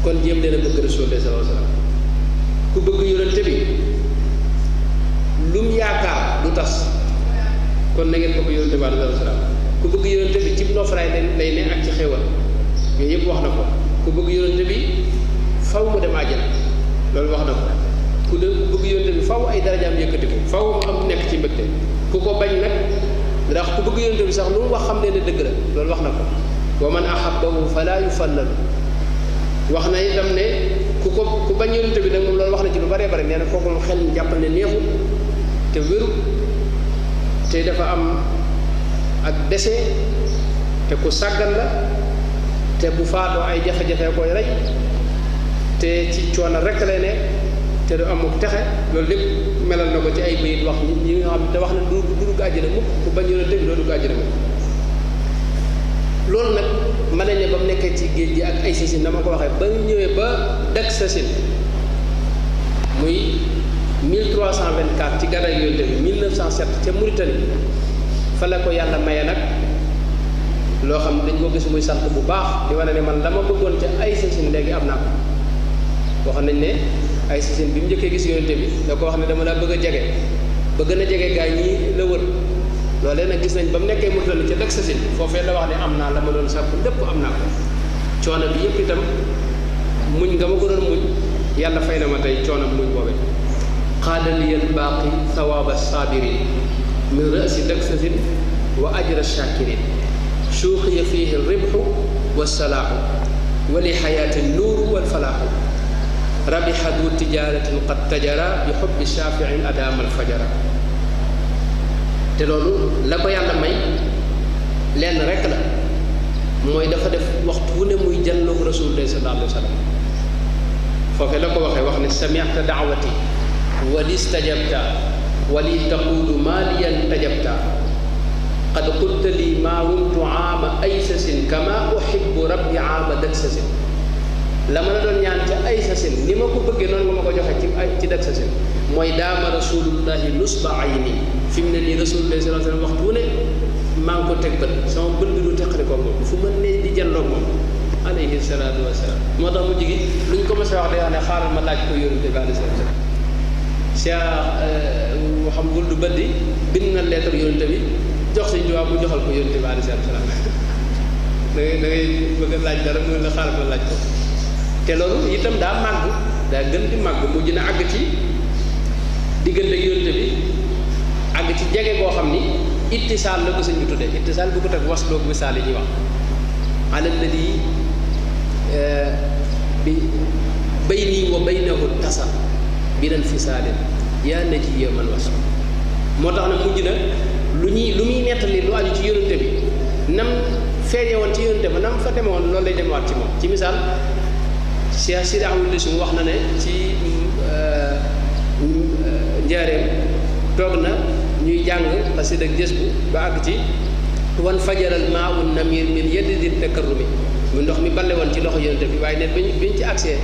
kon jéem leen a bëgg rasulullah sallallahu alayhi wa sallam ku bëgg yonent bi lum yaakaar du tas kon na ngeen bëgg yonent bi alayhi wa sallam ku bëgg yonente bi ci nofraay lay ne ak ci xéewal yooyu yëpp wax na ko ku bëgg yonente bi faw mu dem àjjana loolu wax na ko ku de bëgg yonente bi faw ay darajaam yëkkati ko faw mu nekk ci mbégte ku ko bañ nag ndax ku bëgg yonente bi sax lu mu wax xam ne ne dëgg la loolu wax na ko wa man ahabbahu fala yufallalu wax na itam ne ku ko ku bañ yonente bi nag moom loolu wax na ci lu baree bare nee na kooku moom xel jàppal ne neexu te wéru te dafa am ak dese te ku sàggan la te bu faatoo ay jafe-jafe koy rey te ci coono rek lay ne te du amuk texe loolu lépp melal na ko ci ay bayit wax ñi nga xam te wax na du du dugg àjjana mukk ku bañ yoona tëgg doo loolu nag ma ne ne ba mu nekkee ci géej gi ak ay sasin na ma ko waxee ba ñëwee ba dak sasin muy 1324 ci gàddaay yooyu tamit 1907 ca Mauritanie fa la ko yàlla maye nag loo xam dañ ko gis muy sant bu baax di wane ne man la ma bëggoon ca ay sasin léegi am naa ko waxoon nañ ne ay sasin bi mu njëkkee gis yonente bi da ko wax ne dama laa bëgg a jege ba gën a jege gaa ñi la wër loolee nag gis nañ ba mu nekkee murtali ca dëkk sasin foofee la wax ne am naa la doon sàkku lépp am naa bi yëpp itam muñ nga ma ko doon muñ yàlla fay na ma tey coono muñ boobee xaadaliyal baaqi sawaaba saabirin من رأس دكسة وأجر الشاكرين شوقي فيه الربح والصلاح ولحياة النور والفلاح ربح ذو التجارة قد تجرى بحب شافع أدام الفجر تلولو لكو يعلم مي لأن ركلا موي دفا دف وقت فون موي جلو رسول الله صلى الله عليه وسلم فوفي لكو وخي وخني سمعت دعوتي ولي استجبت ولي ولتقود ماليا تجبتا قد قلت لي ما ومت عام أيسس كما أحب ربي عام دكسس لما ندون يانت يعني أيسس نما كوب جنون نما كوجا حكيم أيت دكسس ما رسول الله نصب عيني في من اللي رسول الله صلى الله عليه وسلم وقتونه ما كنت تقبل سام بن بدو تقرأ كم فما ندي جنون عليه الصلاة والسلام ما دام جيجي لنكم سواء على خارم الله كيو يرد بالسلام Cheikh xam euh, gul du bëddi bind na lettre yonente bi jox Sëñ Tuubaa mu joxal ko yonente bi alayhi salaam da ngay a laaj dara itam daa daa gën di màgg mujj na àgg ci diggante yonente bi àgg ci jege boo xam ni la ko sëñ bi tuddee ittisaal bu ko teg wasloo ak misaal yi ñuy wax alal euh, bi bay nii wa bay nahu tasal bilan fisaalin yaa najiya man wasa moo tax na mujj na lu ñuy lu muy nettali lu aju ci yonente bi nam feeñe woon ci yonente ba nam fa demewoon loolu lay demewaat ci moom ci misaal Cheikh Sidi Ahmad Lissu wax na ne ci euh, njaareem toog na ñuy jàng xasid ak gës bu ba àgg ci wan fajaral maa un namir min yeddi di takarrumi mu ndox mi balle woon ci loxo yonente bi waaye net bañ bañ ci accès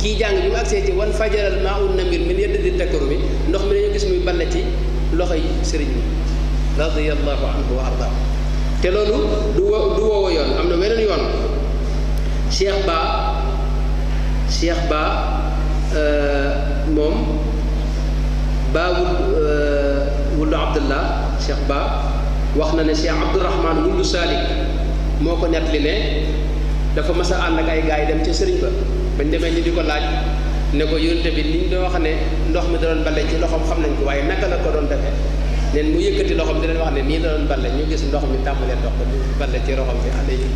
kii jàng bi mu agsee ci wan fajaral maa un namir min yëdd di takkur bi ndox mi dañu gis muy balle ci loxo yi sëriñ bi radiallahu anhu wa arda te loolu du du woowa yoon am na weneen yoon cheikh ba cheikh ba euh, moom ba euh, wullu abdullah cheikh ba wax na ne cheikh abdourahman wullu saalik moo ko nettali ne dafa mas ànd ak ay gaa yi dem ca sëriñ ba bañ demee ñu di ko laaj ne ko yónte bi niñ doon wax ne ndox mi da doon balle ci loxoom xam nañ ko waaye naka la ko doon defee neen mu yëkkati loxoom di leen wax ne nii la doon balle ñu gis ndox mi tàmbalee ndox mi balle ci loxoom bi alayhi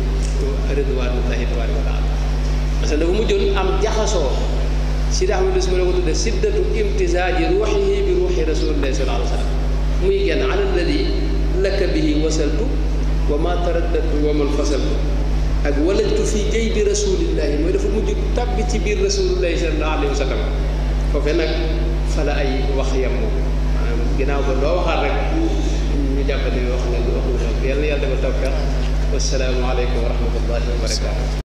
ridwanullahi tabaaraka wa taala parce que dafa mujjoon am jaxasoo si daa xam ne su ma la ko tuddee siddatu imtisaaji ruuxihi bi ruuxi rasulillahi sallallahu alayhi wa sallam muy genn ala alladi laka bihi wasaltu wa ma taraddatu wa man fasaltu ak walaltu fi jaybi rasulillahi mooy dafa mujj tàbbi ci biir rasulillahi sallallahu alayhi wa sallam foofe nag fa la ay wax yem maanaam ginnaaw ba loo waxaat rek ñu jàppale wax nga wax nga yàlla yàlla dafa tawfiq wasalaamu aleykum wa rahmatullahi wa barakatuh